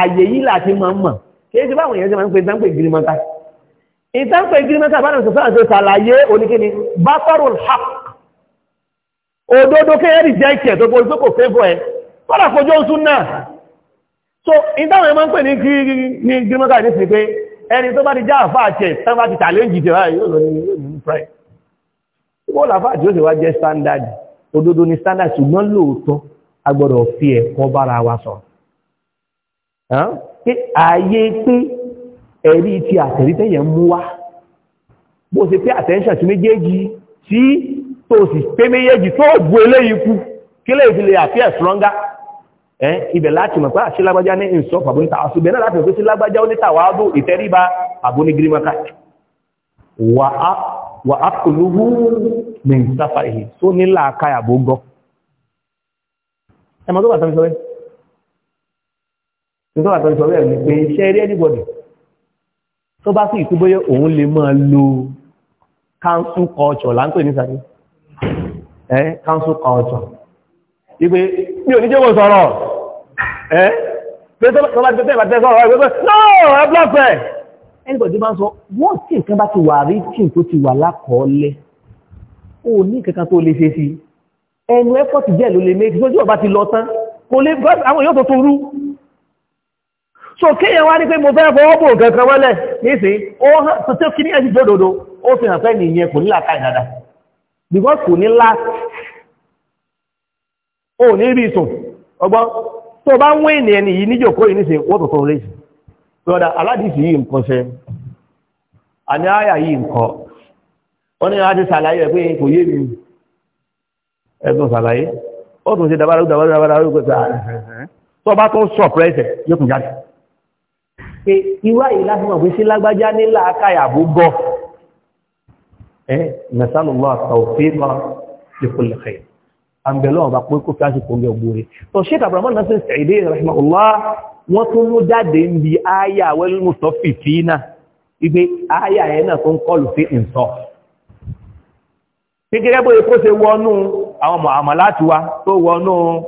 àyè yìí láti máa mọ̀ kí ṣe báwọn èèyàn ṣe máa ń pè tán pè gírímọ́ta ìtàn pè gírímọ́ta bá nàìjíríà sọ́nà tó ṣàlàyé oníkíni bákọ́rùn hap òdodo kéyẹ́rì jẹ́ ìkẹ̀ tó borí tó kò fẹ́ bọ́ ẹ kọ́lá kojú oṣù náà so ìtàwọn ẹmọ́ ń pè ní gírímọ́ta ní sí pé ẹni tó bá ti já àfá àtẹ̀ tán bá ti tàlẹ́jì tẹ̀ báyìí yóò lọ ní yóò ní prime ó làfá àti ó sì wá jẹ́ standard òdodo ni standard ṣùgbọ́n lóòótọ́ agbọ́dọ̀ fi ẹ̀kọ́ bára wa sọ̀rọ̀ pé ààyè pé ẹ̀rí ti àtẹ̀rítẹ́yẹ̀ mú wá bó ṣe pé attention tí méjèèjì tí tó sì pé méjèèjì tó bú eléyìí kú kí lè fi lè àfíẹ̀ stronger ẹ́ ibẹ̀ láti mọ̀ pé àṣí lágbájá ní ìṣọ́ pàbó níta àṣù bẹ̀rẹ̀ láti mọ̀ sí lágbájá ó ní tàwádó ìtẹríba àbó ní gírímọ́ká wà á kòlúhú ní ìsáfà èyí tó ní làákàyà bó gọ́ ẹmọ tó bàtà mi sọ bẹ́ẹ̀ nítorí àtọ́ ìsọ̀rọ̀ ẹ̀ ní pé ṣe rí anybody tó bá sí ìtúbóyé òun lè máa lo council culture láńpẹ̀ ní sàrí ẹ́ council culture ìpé mi ò ní jẹ́ wọ́n sọ̀rọ̀ ẹ́ pé no ẹ block ẹ̀ anybody bá ń sọ wọ́n tí nǹkan bá ti wà rí tí tó ti wà lákọọ́lẹ̀ ó ní kankan tó lè ṣe sí ẹnu effort díẹ̀ ló lè méjì tó jù ọba ti lọ tán kò lè àwọn èèyàn tó tó rú so kéèyàn wá ní pé mo fẹ́ fọwọ́ bò kankan mọ́lẹ̀ nísìn ó hàn tó kí ní ẹ̀sìn lódodo ó fi hàn fẹ́ nìyẹn kò ní làkà ìdàdà because kò ní ó ní rí ìsùn ọgbọ́n tó bá ń wé ní yìí níjòkó yìí nísìn sí brother aládìsí yìí nǹkan ṣe àní yóò jáde pé irú àyè láti mọ̀ pé sí lágbájá ní làákàyà bó gọ̀ ẹ́ mẹ́sàlùmọ́ àtàwọ̀fẹ́mọ́ lẹ́kọ̀lẹ́kẹ̀ àǹbẹ̀lọ́ ọ̀bà pé kó fíásì kò gẹ̀ gbòrè tó ṣe kàbàmọ́ náà sí ṣẹ̀dé rahimahullah wọ́n tún mú jáde ń bi áyà wẹ́lúmù tó fi fi náà wípé áyà yẹn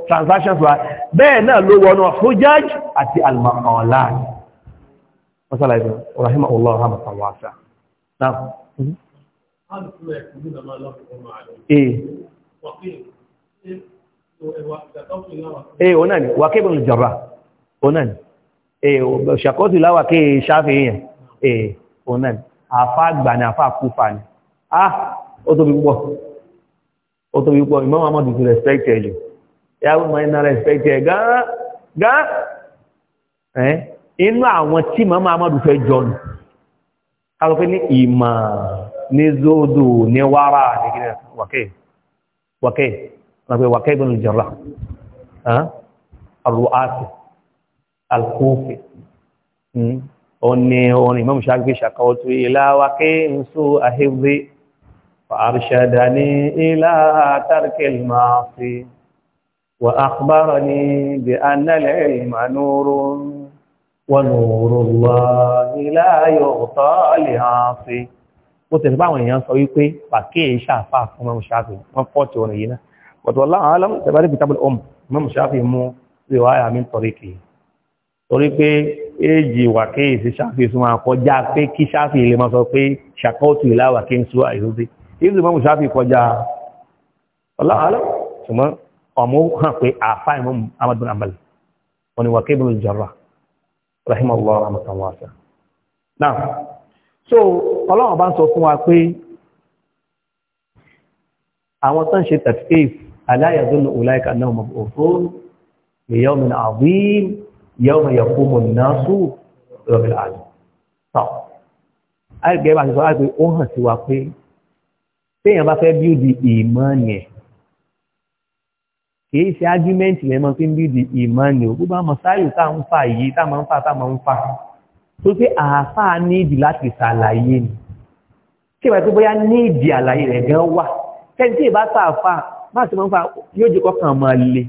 transactions wa bẹ́ẹ̀ náà ló wọnú hujaj àti al masala ibi rahima allah rahma kan wasa naam ee mhm. e, ona ni wa kebe olùjọba ona ni ee ṣàkóso láwà kí ṣáfẹ́ yẹn ee ona ni àfá àgbà ni àfá àkúfà ni ah ó tóbi púpọ̀ ó tóbi púpọ̀ Imam Ahmad tó respect ẹ̀ jù yàwó mọ̀ iná respect ẹ̀ gán gán inú àwọn tí màmá amadu fẹ́ jọnù kálọ̀ pé ní ìmọ̀ ní zóòdù ní wára nìkílẹ̀ wàkẹ́ wàkẹ́ wàkẹ́ wàkẹ́ ibn al-Jarrah arúhásì alkófì ọ̀nà orin mọ́mù ṣàgbé ṣàkọ́ọ̀tù ilá wàkẹ́ ń só فأرشدني إلى ترك المعصي وأخبرني بأن العلم نور ونور الله لا يغطى لعاصي ó tẹ̀lé báwọn èèyàn sọ wípé pàkíyè ṣàfà fún mọ́mù ṣáfì wọ́n pọ̀ tí wọ́n yìí náà but wallahu alam tẹ̀bárí kitabul umm mọ́mù ṣáfì mú riwaya min tariqi torí pé éèjì wàkíyè sí ṣáfì súnmọ́ àkọjá pé kí ṣáfì lè máa sọ pé ṣàkóòtù ìlà wàkíyè ń sú àìsóde ìlú mọ́mù ṣáfì kọjá wallahu alam ṣùgbọ́n ọmọ hàn pé àfáì rahimallah rahmatan wasa now so ọlọ́run bá ń sọ fún wa pé àwọn tó ń ṣe tafif aláyàdúnú ulaika náà mab'uthun li yawmin azim yawma yaqumu an-nasu rabbil alamin tọ́ àìgbẹ́ bá ti sọ láti pé ó hàn sí wa pé kìí ṣe ágímẹ́ǹtì lẹ́mọ́ tí ń bí di ìmánì ò gbogbo àmọ́ sáyò tá ń fà yìí tá máa ń fà tá máa ń fà tó pé àáfà níìdì láti ṣàlàyé ni kí ìwà tó bóyá níìdì àlàyé rẹ̀ gan wà kẹ́ni tí ìbá tà fà bá ti máa ń fà yóò jẹ́ kọ́kàn máa le.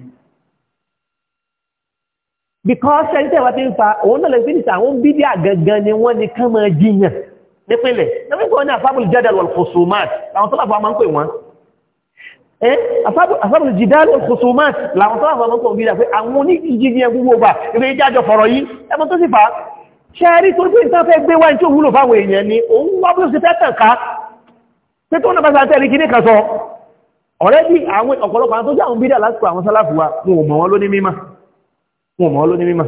because ẹni tí ìwà ti ń fa òun náà lè fi nìta àwọn bídíà gangan ni wọ́n ní kán máa jiyàn nípínlẹ̀ nípínlẹ̀ wọn ní àfábùlù jẹ́dẹ̀ lọ́ọ̀fọ̀sùmáàtì Eh, asábùrù jìdáàlì khusumat làwọn tó àwọn ọmọ ìbílẹ̀ pé àwọn oníjìjì ní ẹgbùgbò ọgbà ìwé ìjájọ fọ̀rọ̀ yìí ẹmọ tó sì fà á ṣẹ́rí tó gbé ìtàn fẹ́ gbé wáyé tí ó wúlò fáwọn èèyàn ni o wá bí ó sì fẹ́ tàn ká pé tó náà bá sáà tẹ́lẹ̀ kìíní kan sọ ọ̀rẹ́ bí àwọn ọ̀pọ̀lọpọ̀ àwọn tó jẹ́ àwọn bídà lásìkò àwọn sálàfù wa wọn ò mọ̀ wọn lóní mímọ̀ wọn ò mọ̀ wọn lóní mímọ̀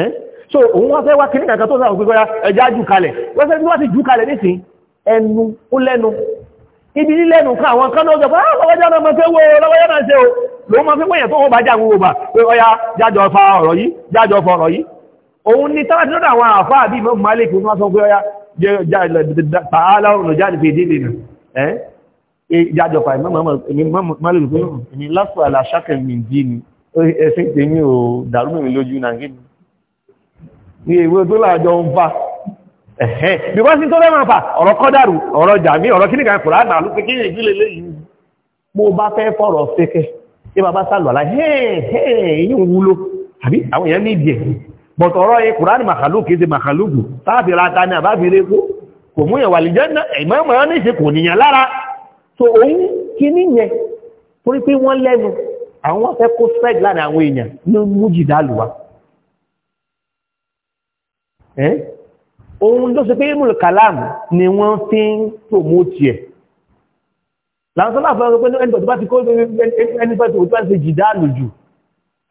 eh? so òun wá fẹ́ wá kìíní kankan tó sáà gbégbé ẹja jù kalẹ̀ wọ́n fẹ́ bí wọ́n ti jù kalẹ̀ nísìn ẹnu ó lẹ́nu ibi nílẹ̀ nùkan àwọn kan náà jọpọ̀ lọ́wọ́já ah, náà máa fẹ́ wo lọ́wọ́já náà ṣe o ló máa fẹ́ wọ́yẹ̀ tó wọ́n bá jà gbogbo bà pé ọya jájọ fa ọ̀rọ̀ yìí jájọ fa ọ̀rọ̀ yìí òun ni tàbí lọ́dọ̀ àwọn àfá àbí mọ́ malik ní wọ́n sọ pé ọya tààlà ọ̀rọ̀ jáde fi dìde nù ẹ́ jájọ fa malik fún mi lásù aláṣákẹ́ mi dì ní ẹ̀sìn tèmi ò dàrú mi lójú nàìjíríà ẹ̀hẹ́ bíkọ́sí tó fẹ́mọ̀ fà ọ̀rọ̀ kọ́dàrù ọ̀rọ̀ jàmí ọ̀rọ̀ kí nìkan kùrá náà ló pé kí ìgbìlẹ̀ lẹ́yìn mo bá fẹ́ fọ́rọ̀ fẹ́kẹ́ tí bàbá sálọ̀ alá yíò wúlò àbí àwọn èèyàn ní ìdí ẹ̀ bọ̀tọ̀ ọ̀rọ̀ yẹ kùrá ní màkàlù kì í ti màkàlùkù táàbì rata ní àbábì lẹ́kọ́ kò mú ìwà lìjẹ́ ìmọ̀ ní ìṣe kò níyàn lára so òun kí níyẹn torí pé wọ́n lẹ́nu àwọn wọ́n fẹ́ kó spread láàrin àwọn èèyàn ní mújìdá lùwà òun ló ṣe pé ìmúlù kàlám ni wọ́n fi ń promote ẹ̀ láàrín àfẹ́rẹ́ pé ẹni tó bá ti kó ẹni tó bá ti jìdá lójú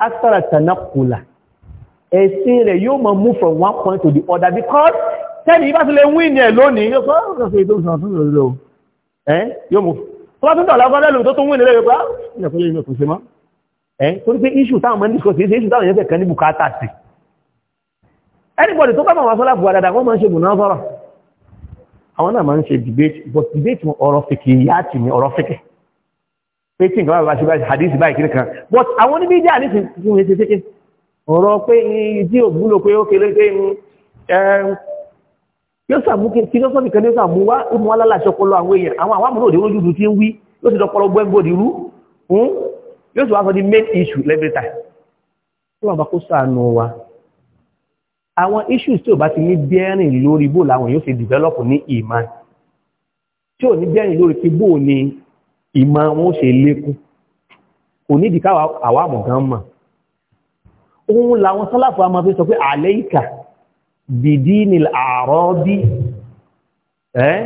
asara tanakula ẹ̀sìn move from one point to the other because tẹ́lì yìí bá ti lè win ẹ̀ lónìí yóò sọ ọ́ ṣe ètò ìṣàn fún ìrọ̀lẹ́ o ẹ́ yóò mú tó bá tún dọ̀ lágbádá lòun tó tún win lẹ́yìn pa ìyàpẹ́lẹ́ yìí kò ṣe mọ́ ẹ́ torí pé issue táwọn mọ́ ní discuss yìí ṣe issue táwọn yẹn fẹ̀ kan ní bùkátà sí i anybody tó bá máa sọ́lá fún àdàdà wọ́n máa ń ṣe gùnà sọ́rọ̀ àwọn náà máa ń ṣe debate but debate ọ̀rọ̀ fèkì yá tì ní ọ̀rọ̀ fèkì pé tí nǹkan bá ṣe bá hadith báyìí kiri kan but àwọn oníbí jẹ́ àní fún mi ṣe ṣe ọ̀rọ̀ pé tí ò wúlò pé ó kéré pé yóò sàmú kí philosophy kan yóò sàmú wá main issue every time. ó wà bá kó sàánú wa àwọn issues tí ò bá ti ní bẹ́ẹ̀rìn lórí bó làwọn yóò ṣe develop ní ìmán tí ò ní bẹ́ẹ̀rìn lórí pé bó ni ìmán wọn ṣe lékún kò ní ìdíkà àwa àmọ̀gán mọ̀ ohun làwọn sálàfù a máa fi sọ pé àlẹ́ìkà bìdí ni àárọ̀ bí eh, ẹ́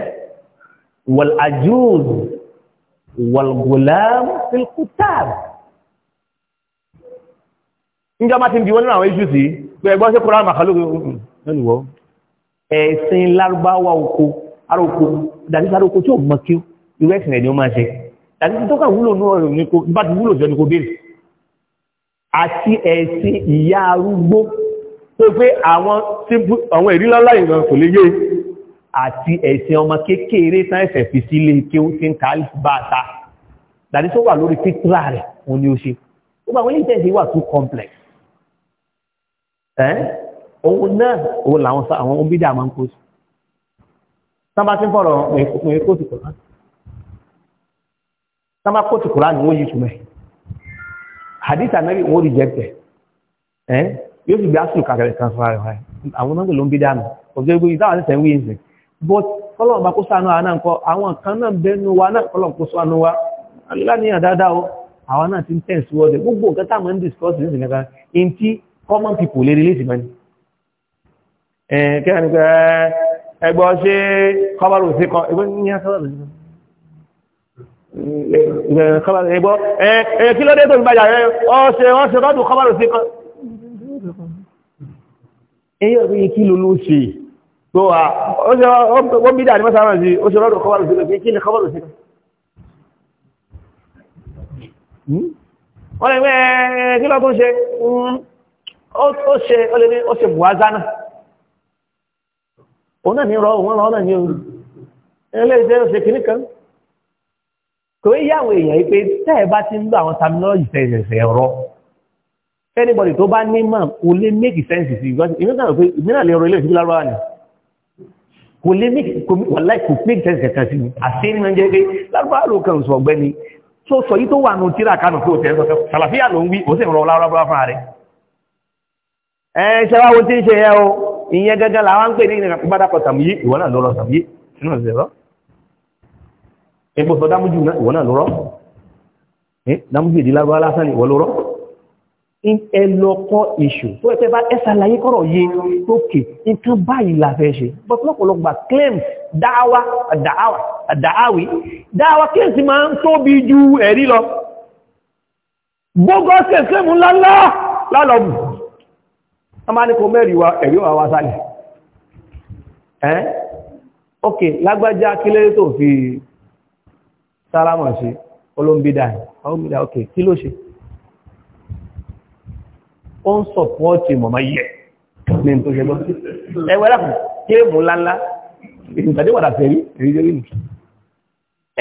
wal ajuz wal gulam fil kutab níjọba ti ń bi wọn nínú àwọn issues yìí gbẹ̀gbọ́n sí kúrò àmàkàlógún ọ̀hún ẹniwọ́ ẹ̀sìn lárúbáwá oko aróko dàbí aróko tí ó mọ kí irú ẹ̀sìn rẹ̀ ni ó máa ṣe dàbí tó kà wúlò náà rẹ̀ ní kó bá ti wúlò jọ ní kó béèrè àti ẹ̀sìn ìyá arúgbó tó pé àwọn àwọn ìrílọ́lá ìran kò lè yé àti ẹ̀sìn ọmọ kékeré tán ẹ̀sẹ̀ fi sílé kí ó ti ń ta bàtà dàbí tó wà lórí fítra rẹ̀ òun ni ó ṣe ó gbà wọ́n ní ìtẹ̀sí wà too complex ẹ́ òun náà òun làwọn àwọn obìdá ma ń kó sí sábà tí ń fọ̀rọ̀ òun kó sí kòrán sábà kó sí kòrán ni wọ́n yí túmẹ̀ hadith anabi wọ́n rí jẹ́pẹ̀ ẹ́ yóò sì gbé asùn kàkẹ́rẹ́ kan fúnra rẹ̀ àwọn náà ló ń bí dànù ń but kọ́lọ́n bá kó sànú àwọn kan náà bẹnu wa náà kọ́lọ́n kó wa aláníyàn dáadáa o náà ti ń common people lè relate mọ́ ni kẹ́kẹ́ ni pé ẹgbọ́ ṣe kọ́bárò sí kan ẹgbọ́ ní àkọ́bárò sí kan ẹgbọ́ ẹ kí ló dé tó ń bàjá rẹ ọ̀ṣẹ̀ wọ́n ṣe rọ́dù kọ́bárò sí kan ẹyọ́ rí kí ló ló ṣe tó wà ó bí dáadé mọ́sára sí ó ṣe rọ́dù sí kan kí ni kọ́bárò sí kan hmm? wọ́n lè gbé ẹ kí ló tó ṣe hmm? ó ṣe ó lè ní ó ṣe buhazana òun náà ní rọ òun rọ náà ní orí eléyìí tẹ́ ó ṣe kìíní kan kò í yàwó èèyàn yìí pé tẹ́ ẹ bá ti ń lo àwọn terminology ìfẹ̀sẹ̀ ẹ̀rọ anybody tó bá ní mọ̀ kò lè make sense sí ìgbà ìgbà náà pé ìgbà lè rọ ilé ìṣúgbà lọ́wọ́ ni kò lè make kò wàláì kò make sense kankan sí mi àti ní oúnjẹ pé lágbára ló kàn sọ ọgbẹ́ni tó sọ yìí tó wà nù tíra kánù pé òtẹ́ sọ sàlàfíà ló ń wí ó sì rọ lárúbáwá fúnra rẹ̀ ẹ ṣe wá wo tí ń ṣe yẹ o ìyẹn gẹ́gẹ́ làwọn ń pè ní ìrìnà kó bá dàpọ̀ tàmíyé ìwọ náà lọ́rọ̀ tàmíyé sínú ẹ̀sẹ̀ rọ́ epo sọ dámújù náà ìwọ náà lọ́rọ̀ dámújù ìdí lágbára lásán ni ìwọ lọ́rọ̀ ẹ lọ kọ́ ìṣù tó ẹ̀fẹ́ bá ẹ̀sà láyé kọ́rọ̀ yé lókè nǹkan báyìí la fẹ́ ṣe but lọ́pọ̀lọpọ̀ claim dáwà dáwà dáwì dáwà claim ti máa ń tóbi ju ẹ̀rí lọ gbogbo claim ńláńlá lálọ́bù a máa ní kò mẹ́rin wa ẹ̀rí wà wá sálẹ̀ ẹ́ ok lágbájá kí lé tó fi sáramọ̀ sí olóńbídà olóńbídà ok kí ló ṣe ó ń sọ̀pọ̀ọ̀tì mọ̀má yẹ ní tó ṣe gbọ́n ẹwẹ́ lápùn kéèmù ńláńlá ìgbàdé wàdà fẹ̀rí èyí jẹ́ nínú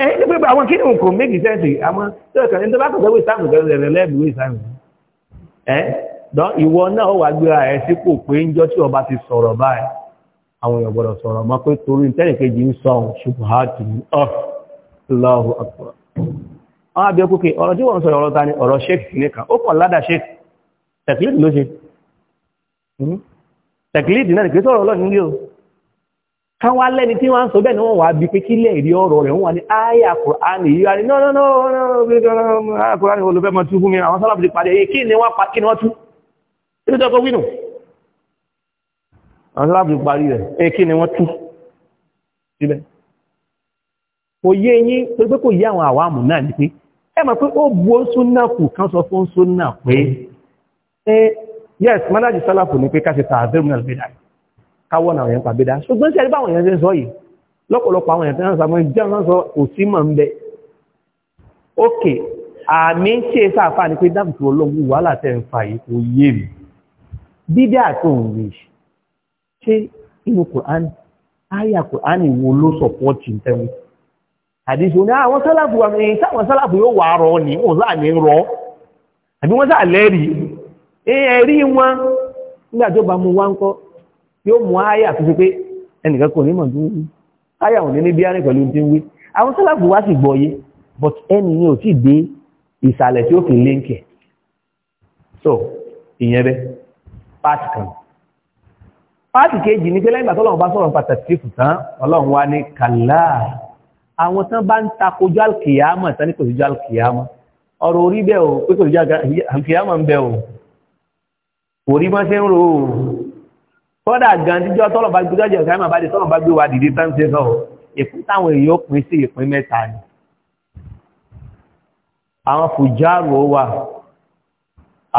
ẹ ní pé àwọn kí ni nǹkan méjì sẹ́ǹsì àmọ́ dán ìwọ náà wà gbéra ẹ̀ kò pé ń jọ ọba ti sọ̀rọ̀ báyìí àwọn èèyàn sọ̀rọ̀ mọ́ pé torí tẹ́nìkejì ń sọ ohun ṣubuhati ní ọ̀f Allahu akbar àwọn abẹ́ kókè ọ̀rọ̀ tí wọ́n sọ̀rọ̀ ọ̀rọ̀ ta ni ọ̀rọ̀ sheik ó sheik náà o ni èyí tó kọ́ wínú àwọn láàbù parí rẹ̀ èkí ni wọ́n tú síbẹ̀ kò yé yín pé kò yé àwọn àwàmù náà ni pé ẹ mọ̀ pé ó bu oṣù náà kù kan sọ fún oṣù náà pé yes manager sálàfù ni pé ká ṣe tààzẹ́rù náà bẹ́dà káwọ́ náà yẹn pa bẹ́dà ṣùgbọ́n sí ẹ̀rí báwọn yẹn ṣe sọ yìí lọ́pọ̀lọpọ̀ àwọn yẹn tẹ́lẹ̀ sàmọ́ jẹ́ wọn bídíà tó ń lè ṣe inú Kùránì àyà Kùránì wo ló sọ̀pọ̀tì tẹ́wọ́ oní àwọn sálàfù eh, àmì táwọn sálàfù yóò wà rọ ní wọn sáà ní rọ àbí wọn sáà ẹ̀rí wọn nígbà tó bá wá ń kọ́ yóò mú pé ẹnìkan kò ní mọ̀ àwọn sálàfù wá sì gbọ́ yé but ẹni ò tí ì dé ìsàlẹ̀ tí ó so ìyẹn pàtì kan pàtì kejì ní pé lẹ́yìn ìgbà tọ́lọ́run bá sọ̀rọ̀ pàtàkì fún tán ọlọ́run wá ní kàlá àwọn tán bá ń takojú alkiyama tán ní kò síjú alkiyama ọ̀rọ̀ orí bẹ́ẹ̀ o pé kò síjú alkiyama ń bẹ́ẹ̀ o orí mọ́ ṣe ń ro o kọ́dà gan jíjọ́ tọ́lọ̀ bá gbé jọ́jọ́ ìkáyàmà bá dé tọ́lọ̀ bá gbé wa dìde tán ṣe sọ ìpín táwọn èèyàn pín sí ìpín mẹ́ta ni àwọn fùjárò wà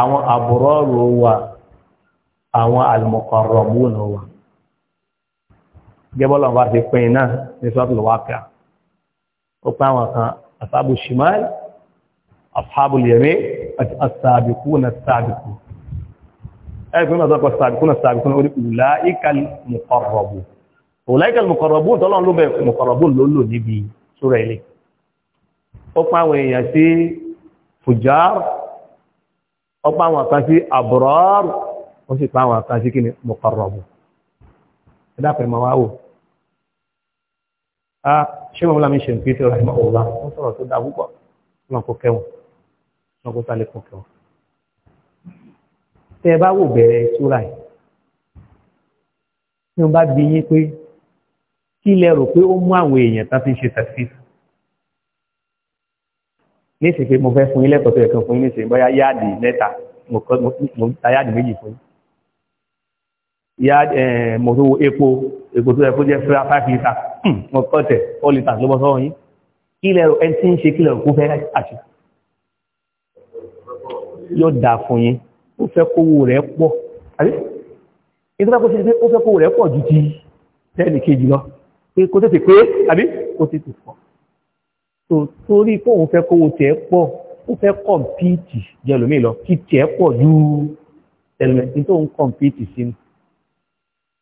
àwọn àbúrò rò wà àwọn al-muqarrabun náà wà gẹ́bọ́lọ̀ bá ti pín náà ní suratul Waqi'a ó pẹ́ àwọn kan asabu shimal ashabul yamin àti as-sabiquna as-sabiqun ẹgbẹ́ náà sọ́pọ̀ as-sabiquna as-sabiqun orí ulaika al-muqarrabun ulaika al-muqarrabun tọ́lọ́n ó sì pa àwọn àkàṣí kí ni muqarrabu ẹ̀dàpẹ̀ ma wá wò a ṣé wọn lámì ṣe ń pè tí ọ̀rọ̀ ìmọ̀ ọ̀la wọ́n sọ̀rọ̀ tó dá púpọ̀ wọn kò kẹwọn wọn kò sálẹ̀ kò kẹwọn tẹ́ ẹ bá wò bẹ̀rẹ̀ súra yìí tí wọ́n bá bi yín pé kí lẹ rò pé ó mú àwọn èèyàn tán fi ń ṣe tafsir ní ìsìn mo fẹ́ fún yín lẹ́kọ̀ọ́ tó yẹ kan fún yín ní ìsìn bóyá yáàdì mẹ́ta mo ta yáàdì méjì fún yín ya eh, mọ̀tò epo epo tó ẹ̀kọ́ jẹ́ fẹ́ra 5 litre mọ̀ hmm, kọ́tẹ̀ 4 litre ló bọ́ sọ́wọ́ yìí kílẹ̀ ẹn tí ń ṣe kílẹ̀ kó fẹ́ àti yóò dà fún yín ó fẹ́ kówó rẹ̀ pọ̀ àbí ìtura kó ṣe pé ó fẹ́ kówó rẹ̀ pọ̀ ju ti tẹ́lì kejì lọ pé kó tètè pé àbí kó tètè pọ̀ tó torí pé òun fẹ́ kówó tiẹ̀ pọ̀ ó fẹ́ kọ̀mpìtì jẹ́ lómi lọ kí tiẹ̀ pọ̀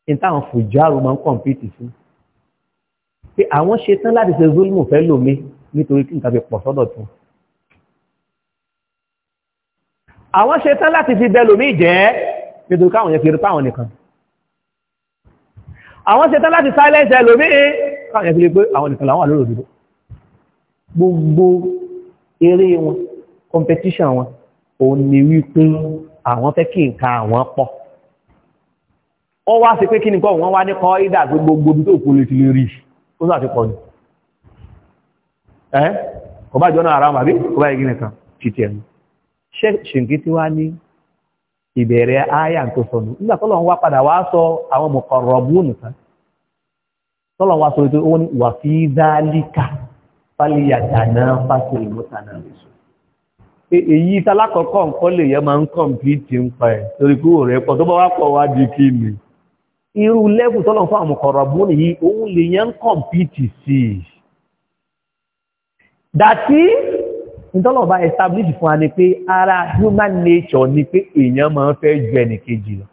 ní táwọn fùjárù máa ń kọ̀m̀pìtì sí pé àwọn ṣe tán láti ṣe zulmù fẹ́ lòmí nítorí kí nǹkan fi pọ̀ sọ́dọ̀ tún àwọn ṣe tán láti fi bẹ lòmí jẹ́ nítorí káwọn yẹn fi rí fáwọn nìkan àwọn ṣe tán láti silence ẹ lòmí káwọn yẹn fi rí pé àwọn nìkan làwọn àlórò dúró gbogbo eré wọn competition wọn òun ni wípé àwọn fẹ́ kí nǹkan àwọn pọ̀ ọ wá sí pé kí ní kọ́ wá ní ìdà gbogbo tó kú lè ti lè rí ó sàti pọ̀ jù ẹ́ ọba jọ ara ara màbí ọba ìgbìn nìkan títí ẹ̀mú ṣèǹkì tí wá ní ìbẹ̀rẹ̀ ayà tó sọnù nígbà tọ́lọ̀ wá padà wá sọ àwọn mọ̀kọ̀rọ̀bù nìkan tọ́lọ̀ wá sọ ó ní wà dálíkà fásitì èyí tálákọ̀ọ́kọ́ nǹkan lè yẹ máa ń ń pa ẹ̀ torí kúrò rẹ̀ pọ̀ irú lẹ́bù tọ́lọ̀ fún àmùkọ̀rọ̀bù nìyí òun lè yẹn ń kọ̀mpìtì sí i dàtí ìtọ́lọ̀ bá establish fún wa ni pé ara human nature ni pé èèyàn máa ń fẹ́ ju ẹnìkejì lọ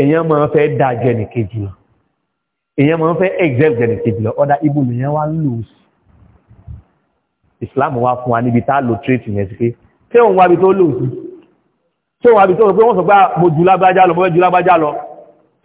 èèyàn máa ń fẹ́ dà ju ẹnìkejì lọ èèyàn máa ń fẹ́ excel ju ẹnìkejì lọ ọ̀dà ibo lèèyàn wá lò sí Islam wá fún wa níbi tá a lò tírètì yẹn sí pé ṣé òun wá bí tó lò sí ṣé òun wá bí tó lò pé wọ́n sọ pé ah, mo jù lágbájá lọ mo fẹ́ jù lágbájá lọ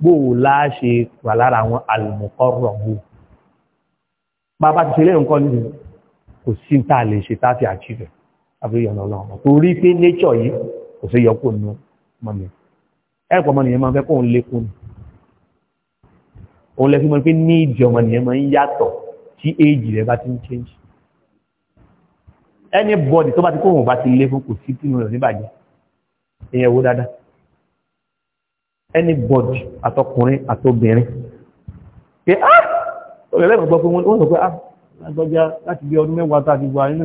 bóò láṣe wà lára àwọn alìmọ̀kọ́rọ̀bù bàbá ti ṣẹlẹ̀ nǹkan nínú kò sí tá a lè ṣe táti àjíṣẹ́ àfihàn ọlọ́run torí pé nature yìí kò sí yọkù nù mọ́mi ẹ̀pọ̀ ọmọnìyàn máa fẹ́ kóun lékún òun lẹ́fí mọ́ pé ní ìdí ọmọnìyàn máa ń yàtọ̀ tí éèjì rẹ̀ bá ti ń change anybody tó bá ti kóun bá ti lékún kò sí tìǹbù rẹ̀ níbàjẹ́ ìyẹn wo dáadáa anybody atọkùnrin atọbìnrin pé ah olùlẹ́gbọ̀n gbọ́ pé wọ́n sọ pé ah lágbọ́já láti bí ọdún mẹ́wàá tàbí wà nínú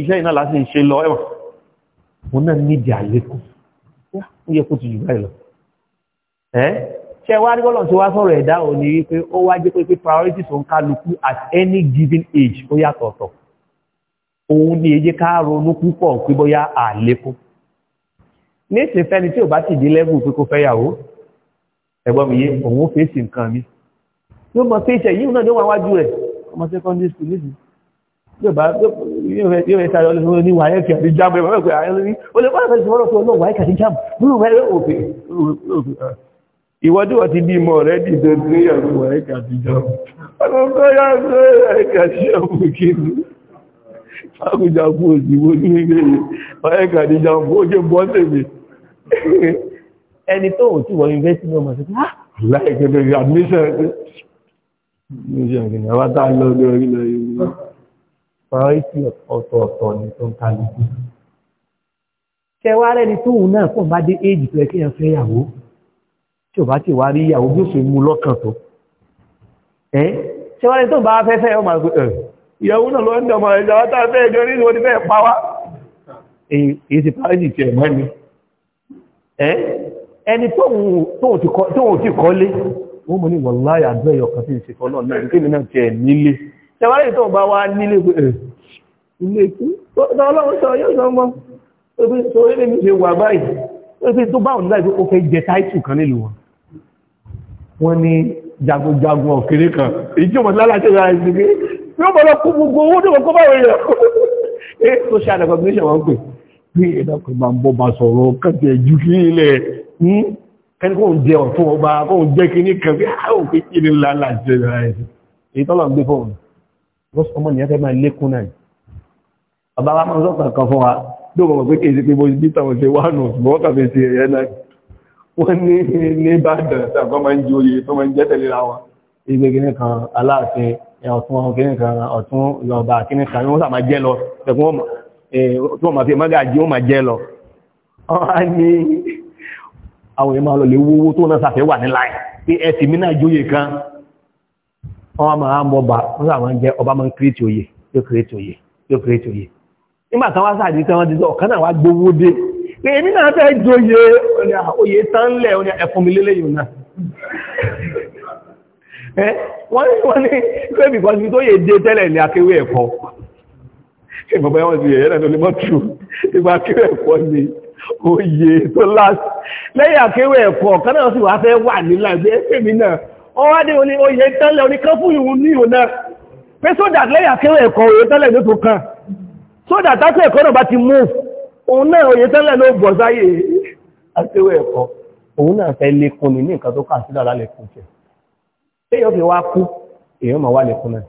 iṣẹ́ iná láti ṣe lọ ẹ̀wọ̀n wọn náà nídìí ó yẹ kó ti jù báyìí lọ ṣe age ní ìsìn fẹ́ni tí ò bá ti di lẹ́gùn pé kó fẹ́yàwó ẹ̀gbọ́n mi yé òun ó fèsì nǹkan mi yóò mọ fèsì ẹ̀ yíò náà ló wà wájú rẹ̀ ọmọ secondary school nísìn yóò bá yóò fẹ́ sáré ọlọ́sọ ní wàá ẹ̀kẹ́ àti jáàmù ẹ̀ bàbá ẹ̀ ní olè bá fẹ́ sọ́rọ̀ fún ọlọ́wà ẹ̀kẹ́ àti jáàmù nínú ẹ̀ ah. òfè ìwọ́dí wọ́n ti bí mọ́ rẹ̀ dìde ní ọlọ́wà ẹ̀kẹ́ àti jáàmù ọlọ́wà ẹ̀kẹ́ àti jáàmù kìíní fákùjà fún òsì wọ́n ní ẹ̀kẹ́ àti jáàmù ó jẹ́ bọ́ọ̀sẹ̀ mi ẹni tó ò tí wọ́n invest ní ọmọ ṣẹ́kí láì kẹ́kẹ́ rí admission ní ṣe ọ̀gbìn àwọn tá a lọ ní orílẹ̀ yìí priority ọ̀tọ̀ọ̀tọ̀ ni tó ń kálukú. kẹwàá rẹni tóun náà pọ̀ bá dé éèjì tó yẹ kí èèyàn fẹ́ yàwó tí ò bá ti wá rí ìyàwó bí ó ṣe mú lọ́kàn tó ẹ́ ṣe wá ní tó bá fẹ́ fẹ́ ọmọ àgbẹ̀ ẹ̀ ìyàwó náà ló ń dọ̀mọ̀ ìjọba tá a fẹ́ ẹjọ́ nínú wọn ti fẹ́ pa wá èyí ti parí ìtì ẹ̀mọ́ ẹni tóhun ti kọ́lé ó mú ní wọ̀láyà àdúrà ẹ̀yọ̀kan tí ìṣẹ̀kọ́ náà náà kí nínú jẹ nílé ṣẹwárí tó bá wá nílé ilé ikú ọlọ́run sọ yóò sọ mọ́ tó rí lèmi ṣe wà báyìí tó bá òun láì ó fẹ́ jẹ táìtù kan nílùú wọn wọ́n ní jagunjagun ọ̀kẹ́rẹ́ kan èyí tí ó mọ̀ lálàáṣẹ́ ìyá social recognition wọ́n pè pé ẹ̀dàkùn bá ń bọ́ bá sọ̀rọ̀ kàtì ẹ̀jú kí ilẹ̀ ní hmm? ẹnikọ́n jẹ ọ̀tún ọba kọ́n jẹ́ kí ní kẹfẹ́ àwọn òkèkè ní lálà jẹ́ ẹ̀rẹ́ èyí tọ́lọ̀ ń gbé fóònù wọ́n sọ ọmọ nìyẹn fẹ́ máa lékún náà bàbá wa máa ń sọ̀kàn kan fún wa bí wọ́n pé kéèsì pé bóyí bíta wọ́n ṣe wà nù ṣùgbọ́n kàfẹ́ sí ẹ̀yẹ náà wọ́n ní ní Ìbàdàn tàbí wọ́n máa ń ju oyè tó máa ń jẹ́ tẹ̀lé ra wọn ìgbé kìíní kan Aláàfin ọ̀tún kìíní kan ọ̀tún Eh, tí wọ́n ma fi mọ́gájí ó ma jẹ́ lọ ní àwọn èèyàn máa lọ lè wówó tó náà sàfẹ́ wà ní láì pé ẹ̀sì mí náà jóye kan wọ́n máa mọ́ bá wọ́n sà wọ́n jẹ́ ọba máa ń kírètì òye yóò kírètì òye yóò kírètì òye nígbà tán wá sáà dídí wọ́n ti sọ ọ̀kan náà wá gbowó dé pé èmi náà fẹ́ jóye òye tán lẹ̀ ẹ̀fún mi lélẹ́yìn náà eh, tó yè dé tẹ́lẹ̀ ní akéwé ẹ̀kọ́ ìbọ̀bá ẹwọ́n ti yẹ̀yẹ́ rẹ̀ tó lè mọ́tù ìgbà kíwẹ̀ ẹ̀kọ́ ni oyè tó láti lẹ́yìn àkíwẹ̀ ẹ̀kọ́ kanáà sì wá fẹ́ wà nílà ẹgbẹ́ èmi náà wọ́n wá dé oní oyè tẹ́lẹ̀ oní kan fún ìhun ní ìhun náà pé sódà lẹ́yìn àkíwẹ̀ ẹ̀kọ́ oyè tẹ́lẹ̀ ló tó kàn sódà tákù ẹ̀kọ́ náà bá ti mú òun náà oyè tẹ́lẹ̀ ló bọ̀ sáyè àkíwẹ̀ ẹ̀kọ́ òun náà fẹ́ lékun ní nǹkan tó kà sí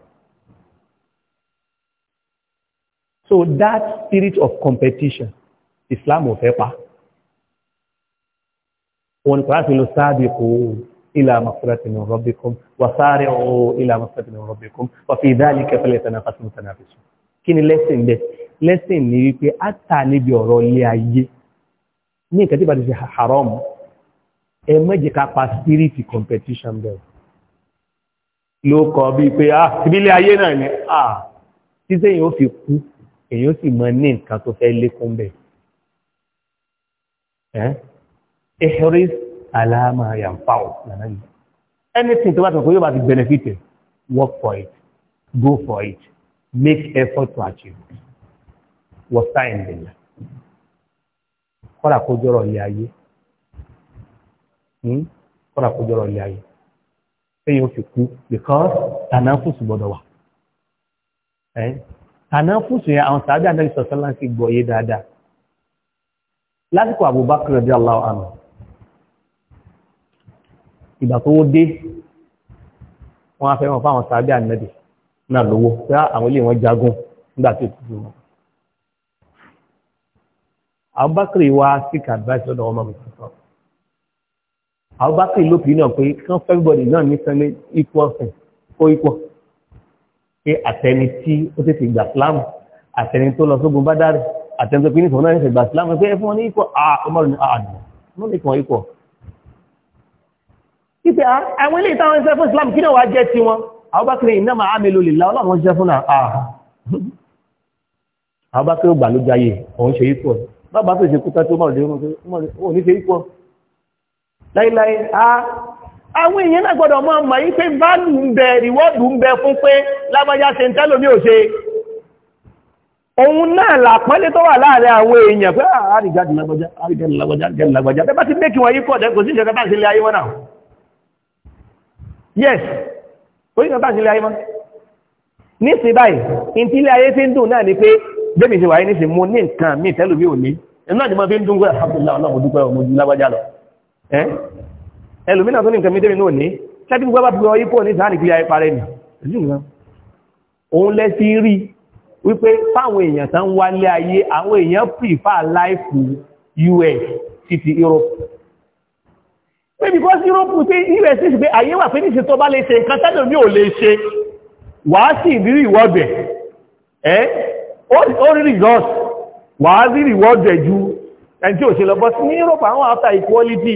so that spirit of competition islam ò fẹ́ pa wọn ni kọ́lá ti lọ sáàbì kò إلى مغفرة من ربكم وسارعوا إلى مغفرة من ربكم وفي ذلك فليتنافس المتنافسون kí ni lesson bẹ́ẹ̀ lesson ni wípé a ta níbi ọ̀rọ̀ ilé ayé ní nǹkan bá ti ṣe haram ẹ má jẹ́ ká pa spirit competition bẹ́ẹ̀ ló kọ bíi pé ah ibi ilé ayé náà ni ah tí sẹ́yìn ó èyàn sì mọ ní nǹkan tó fẹ́ lékún bẹ̀. ihris ala ma yanfa'u lànà yìí anything tó bá tọ̀kọ́ yóò bá ti benefit it work for it go for it make effort to achieve wọ́n sáyẹn dèlà kọ́ra kó jọrọ̀ ilé ayé hmm? kọ́ra kó jọrọ̀ ilé ayé ẹ̀yìn ó fi kú because tànà fún ṣùgbọ́dọ̀ wà. tànáfùsù yẹn àwọn sàábì sọ̀sọ́lá gbọ̀yé dáadáa lásìkò ìgbà tó wó dé wọ́n á wọn fáwọn sàábì ànábì náà lówó pé àwọn ilé wọn jagun nígbà tó tutù wọn Abubakar wá advice lọ́dọ̀ wọn mọ̀ tó Abubakar lópin náà pé kí wọ́n fẹ́ everybody náà ní sẹ́ni pé àtẹni tí ó tètè gbà Islam àtẹni tó lọ sógun bá dárẹ̀ àtẹni tó pín ìfọ̀n náà ìfẹ̀gbà Islam pé ẹ fún wọn ní ikọ̀ àmọ́rù ní àdùn mọ́ ní ìkọ̀ ikọ̀. títí àwọn ilé ìtàwọn ìfẹ́ fún Islam kí náà wàá jẹ́ tiwọn àwọn bá kiri iná máa mélòó lè la ọlọ́run jẹ́ fún náà àwọn bá kiri gbàlódé ayé òun ṣe ikọ̀ bàbá tó ṣe àwọn èèyàn náà gbọ́dọ̀ mọ́ mọ̀ yí pé bálù ń bẹ ríwọ́dù ń bẹ fún pé lábájá ṣe ń tẹ́lò ní òṣe òun náà làpọ́lé tó wà láàrin àwọn èèyàn pé àrígádì ah, lágbàjá àrígádì lágbàjá àrígádì lágbàjá bẹ́bá ti mékì wọ́n yí pọ̀ dẹ́kò sí ìjọba yes oríṣẹ́lẹ̀ ìṣẹ́lẹ̀ ayé wọn ní sí báyìí in tí ilé ayé ti ń ni pé bébì ti wáyé ní mo ní nǹkan mi tẹ́lò mi ò ní ẹ̀ náà ni mo fi ń dùn pé alhamdulillah ẹlòmínà tó ní nǹkan mídẹ́mì náà ní ṣẹ́bí gbogbo bá búrọ yípo ní ìdáhàn ìpìyà ìparẹ́ nì òun lẹ sí rí wípé fáwọn èèyàn tán wálé ayé àwọn èèyàn prefer life US títí Europe pé because Europe pé US ti pé ayé wà pé ní ṣe tó bá lè ṣe nǹkan tẹ́lẹ̀ mi ò lè ṣe wàá sì rírí ìwọ́bẹ̀ ẹ́ ó rí results wàá rí ìwọ́bẹ̀ ju ẹni tí ò ṣe lọ bọ́ sí ní Europe àwọn after equality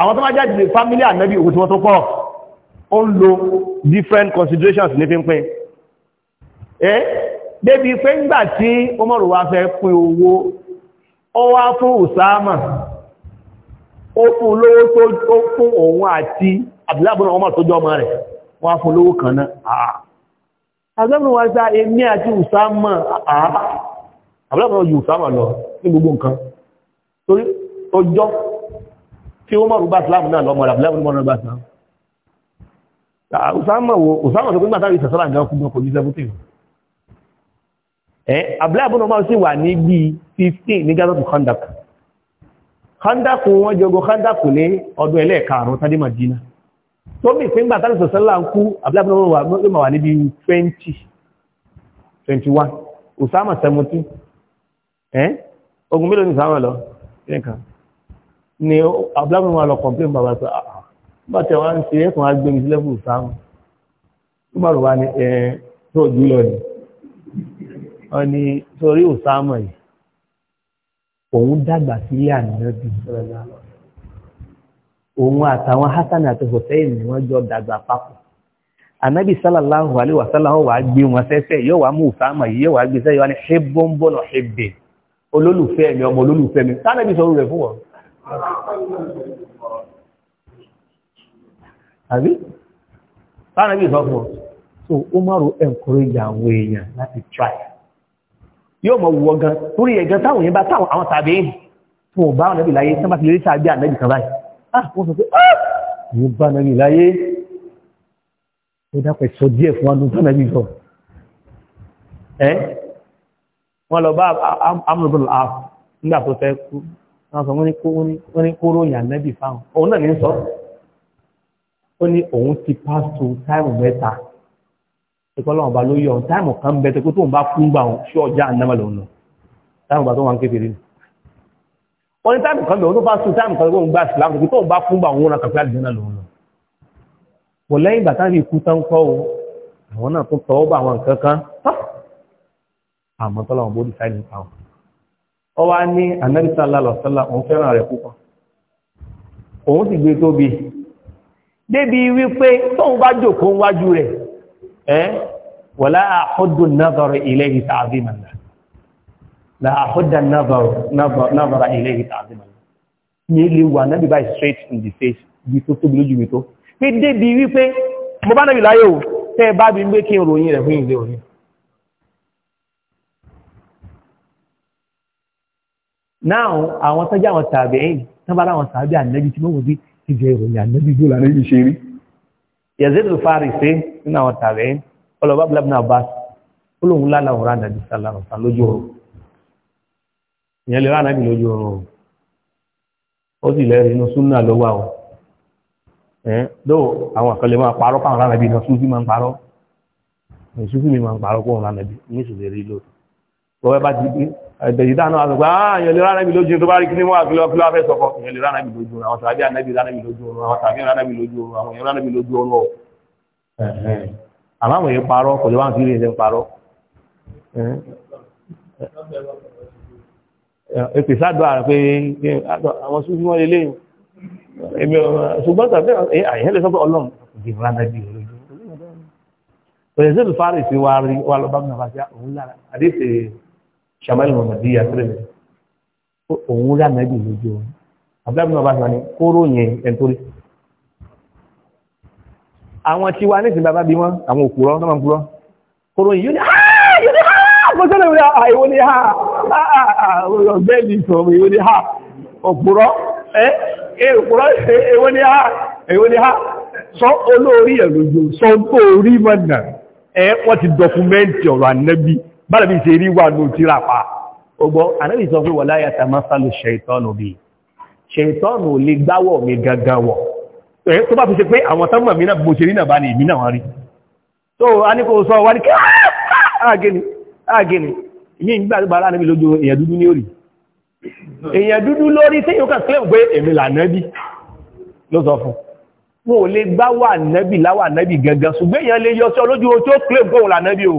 àwọn tó máa jáde lè fámílì ànábì òkú tí wọ́n tó pọ̀ ó ń lo different considerations ní pínpín ẹ́ débi pé ń gbà tí Umaru wá fẹ́ pín owó ó wá fún Usama ó fún lówó tó fún òun àti àbílábùnà ọmọ tó jọ ọmọ rẹ̀ wọ́n fún lówó kan náà Usama àbílábùnà ju Usama lọ ní gbogbo nǹkan torí ọjọ́ tí ó mọ̀rún bá islam náà lọ́mọ rẹ̀ abúlẹ́bùn mọ́rún bá islam usama usama tó gbígbà táwọn ìsẹ̀sọ́lá nǹkan kú mọ́kò ní 17 ẹ̀ abúlẹ́bùn ọmọ sí wà ní bí 15 ní gaza to khandak khandak wọn jogo khandak ní ọdún ẹlẹ́ẹ̀karùn tàdé madina tó mì pé ńgbà táwọn ìsẹ̀sọ́lá ń kú abúlẹ́bùn ọmọ wà ní bí usama 17 ẹ̀ ogun mélòó ní usama lọ kí ni abúlámù wa lọ complain bàbá pé àà bá tẹ wá ń ṣe ẹkùn agbèmí sílẹ̀kùn sáàmù Umaru wa ni ẹ tó jùlọ ni wọn ni sórí Usama yìí òun dàgbà sílé ànábì òun àtàwọn Hasan àti Hussein ni wọn jọ dàgbà papọ̀ ànábì sallallahu alaihi wa sallam wà á gbé wọn sẹ́sẹ́ yóò wá mú Usama yìí yóò àbí táwọn ẹbí sọ fún ọ so Umaru encourage àwọn èèyàn láti try yóò mọ wọ gan torí ẹ̀gán táwọn èèyàn bá táwọn àwọn tàbí fún ọba àwọn ẹbí láyé sábà ti lè rí sáà bí ànẹ́bì kan báyìí ah wọ́n sọ pé ah ní bá ànẹ́bì láyé ó dápẹ́ sọ díẹ̀ fún ọdún tó ànẹ́bì sọ ẹ́ wọ́n lọ bá amúlùbọ̀lù àf nígbà tó wọ́n sọ wọ́n ní kóró yàn nẹ́bì fáwọn òun náà ní sọ ó ní òun ti pass to táìmù mẹ́ta ìkọ́ lọ́wọ́n ba ló yọ ọ̀hún táìmù kan bẹ tó kó tóun bá kún gbà ọ̀hún sí ọjà ànámà lòun nù táìmù bá tó wà ń kékeré nù wọ́n ní táìmù kan bẹ òun tó pass to táìmù kan tóun gbà sílámù tó tóun bá kún gbà ọ̀hún ràn kàkúrà àdìyàn náà lòun nù kò lẹ́yìn bàtà bí ikú tán kọ́ o àwọn náà tó tọ́ ọ bá àwọn nǹkan kan àmọ́ tọ́lá bó dì sáì nípa wọn ọ wá ní anẹ́bísà lálọ́sọ́lá òun fẹ́ràn rẹ̀ púpọ̀ òun sì gbé tóbi débi wípé tóun bá jòkó wájú rẹ̀ ẹ́ wala àhúdù nazara ilayhi ta'ziman la àhúdà nazara ilayhi ta'ziman ní ilé wà náà bíbá straight in the face bí tó tóbi lójú mi tó pé débi wípé now àwọn tó jẹ́ àwọn tàbí ẹ̀yìn tó bá láwọn tàbí ànábi tí wọ́n fi ti jẹ ìròyìn ànábi bó lànà ibi ṣe rí yazid al-farisi nínú àwọn tàbí ẹ̀yìn ọlọ́ba blabna abbas ó lóun lálàá òun ránà bí sálà ọ̀sán lójú ọ̀rọ̀ ìyẹn lè ránà bí lójú ọ̀rọ̀ ó sì lẹ́rìí inú súnà lọ́wọ́ àwọn ẹ̀ dó àwọn àkọlẹ̀ máa parọ́ fáwọn ránà bí náà súnfì máa ń parọ́ súnfì mi máa ń parọ́ fáwọn ránà bí ní ìṣòlè rí lóòótọ́ ẹ̀dẹ̀jìdá náà àtọ̀gbà ààyàn ah, lè ránàbì lójú tó bá rí kíní wà kílọ́ kílọ́ afẹ́ sọ́kọ́ èèyàn lè ránàbì lójú oorun àwọn tàbí ànàbì ránàbì lójú oorun àwọn tàbí ránàbì lójú oorun àwọn èèyàn ránàbì lójú oorun ọ̀ àmọ́ àwọn èèyàn parọ́ kò lè wá sí ilé ìṣẹ́ parọ́. èpè sádọ́ àrùn pé àwọn sùn wọ́n lè léyìn ṣùgbọ́n tàbí àyẹ̀hẹ́ lè sọ pé ọlọ́run kì í ránàbì lójú òṣèṣèlú fárìsì wa rí wa lọ shamali muhammadi yasirimi òun rí ànábì lójú o abdulayi náà bá sọ ni kóró yẹn ẹntorí àwọn tiwa nísìnyí bàbá bí wọn àwọn òkúrọ náà máa ń kúrọ kóró yìí yóò ní aaa ah, yóò ní aaa ah, kò sẹ́lẹ̀ wíwá àìwò ní ha ọ̀gbẹ́ni sọ̀rọ̀ ìwò ní ha òkúrọ ẹ òkúrọ ìwò ní ha ìwò ní ha sọ olórí ẹ̀ lójú sọ tó orí mọ̀nà ẹ wọ́n ti dọkumẹ́ntì ọ̀rọ̀ ànábì bára bí ṣe rí wà ní òtíra pa ọgbọ́ anábì sọ pé wọ̀lá yàtà máa sálò ṣẹ̀tọ́nù bí ṣẹ̀tọ́nù lè gbáwọ̀ mi gangan wọ̀ tó bá fi ṣe pé àwọn tánmà mi náà bó ṣe rí náà bá ní ìmì náà rí tó a ní kò sọ wá ní káàgìnì ní ìgbàgbà aláàbí lójú èèyàn dúdú ní orí èèyàn dúdú lórí tí yóò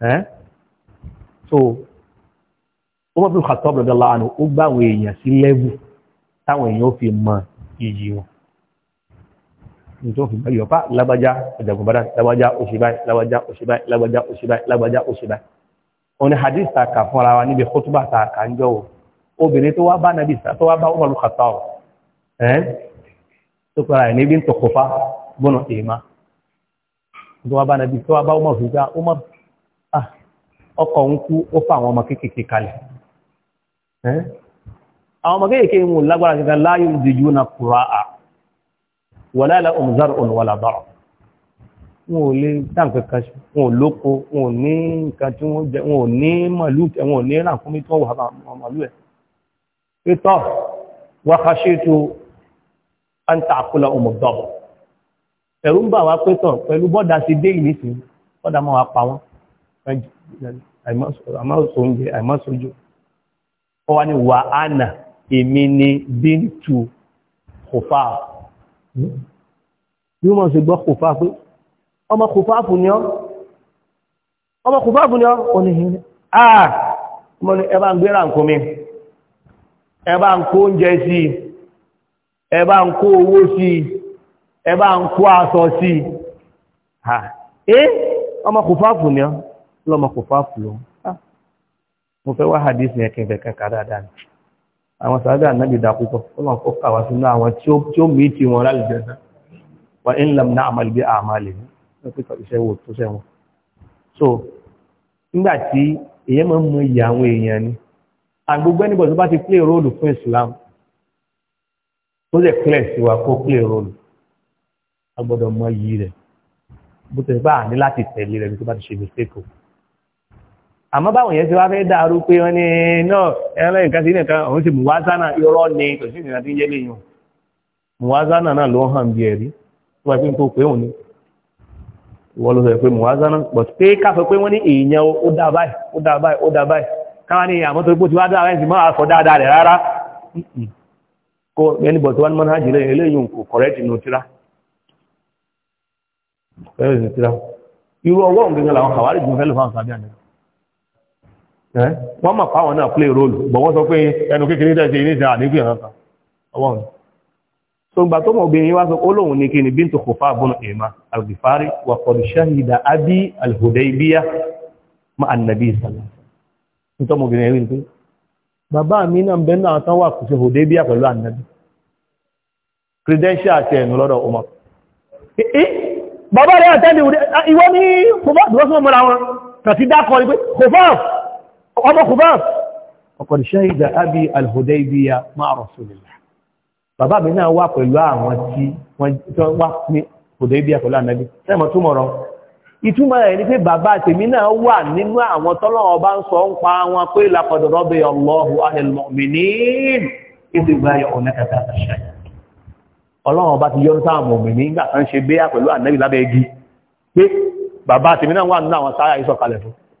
ẹ́ so Umar bin Khattab radiyallahu anhu ó gbà àwọn èèyàn sí lẹ́wù táwọn èèyàn ó fi mọ iyì wọn nítorí fi báyìí ọ̀pá lágbájá ọ̀jàgùn bàdá lágbájá òṣìbáì lágbájá òṣìbáì lágbájá òṣìbáì lágbájá òṣìbáì òun ni hadith ta kà fúnra wa níbi kótóbà ta kà ń jọ wò obìnrin tó wá bá nàbì tó wá bá Umar bin Khattab ẹ́ tó pẹ̀lú àyẹ̀ níbi ń tọkọ̀fà gbọ́nà èèmá tó wá bá nàbì tó wá bá Umar bin ọkọ ń kú ó fà àwọn ọmọ kéékèèké kalẹ̀ àwọn ọmọ kéékèèké mú lágbára gẹ́gẹ́ láyé ìdíjú na kùrá à wala la òmùzárò òun wala dara wọn ò lè dáǹkan kan ṣe wọn ò lóko wọn ò ní nǹkan tí wọ́n jẹ wọn ò ní màlúù tẹ wọn ò ní ràǹkúnmí tí wọ́n wà màlúù ẹ̀ pétọ́ wa àìmọ́sọ oúnjẹ àìmọ́sọ ojú ọ wá ní wà ánà èmi ni bíntù kòfà bí wọ́n sì gbọ́ kòfà pé ọmọ kòfà fún ni ọ́ ọmọ kòfà fún ni ọ́ ọ ní ìhìn ah, àà ọmọ ni ẹ bá ń gbéra nǹkan mi ẹ ń kó oúnjẹ sí ẹ ń kó owó sí ẹ ń kó aṣọ sí eh, ọmọ kòfà fún ni ọ́ lọ́mọ kò fà fún ah. mo fẹ́ wá hadith yẹn kí n fẹ́ kẹ́kẹ́ ni àwọn sàádà nábì dà púpọ̀ ọlọ́run kó kà wá sínú àwọn tí ó mìí tí wọn lálùjẹ́ náà wà ń lam náà àmàlì bí àmàlì ní pípọ̀ iṣẹ́ wo tó so nígbà tí èyàn máa ń mọ iye àwọn èèyàn bá play role fún Islam tó lè clear play role a gbọ́dọ̀ mọ iyì rẹ̀ bó ti bá a ní láti tẹ̀lé rẹ̀ tó bá ti ṣe mistake o. àmọ́ báwọn yẹn ti wá fẹ́ dáarú pé wọ́n ní náà ẹ̀rọ nǹkan sí nìkan òun sì mùwázánà irọ́ ni kò sí nìkan tí jẹ́ lè yàn náà ló hàn bí ẹ̀rí tó wáyé pé tó pé òun ni wọ́n ló sọ pé but pé káfẹ́ pé wọ́n ní èèyàn ó dá báyìí ó dá báyìí ó dá báyìí ní àmọ́ tó gbó ti wá dá máa dáadáa rẹ̀ rárá Eh? wọ́n mọ̀ fáwọn náà play role bọ̀ wọ́n sọ pé ẹnu kékeré tẹ́sí ní ìsìn àníkù ìhàn kan ọwọ́n so gbà tó mọ̀ obìnrin wá sọ olóhun ní kí ni bíntu kòfà bọ́nà èèmà al-Ghifari wà qad shahida abi al-Hudaybiyah ma annabi sallallahu nítorí obìnrin rí pé bàbá mi náà bẹ́ẹ̀ náà tán wà kò sí Hudaybiyah pẹ̀lú annabi credential àti ẹ̀nu lọ́dọ̀ ọmọ bàbá rẹ̀ àtẹ́ni ìwọ ní kòfà أبو Khubab ọkọ̀ ìṣẹ́yìdà أبي al مع رسول الله. bàbá mi náà wà pẹ̀lú àwọn tí wọ́n wà ní Hudaybiya pẹ̀lú ànábì sẹ́mọ̀ túmọ̀ rọ ìtumọ̀ rẹ̀ ni pé bàbá tèmi náà wà nínú àwọn tọ́lọ́wọ́ bá ń sọ ń pa wọn pé lápọ̀dọ̀rọ̀ bẹ Allahu anil mu'minin ìdí gba ọ̀nà kàtà àṣà ọlọ́run bá ti yọ́nú sáà mọ̀mìnì nígbà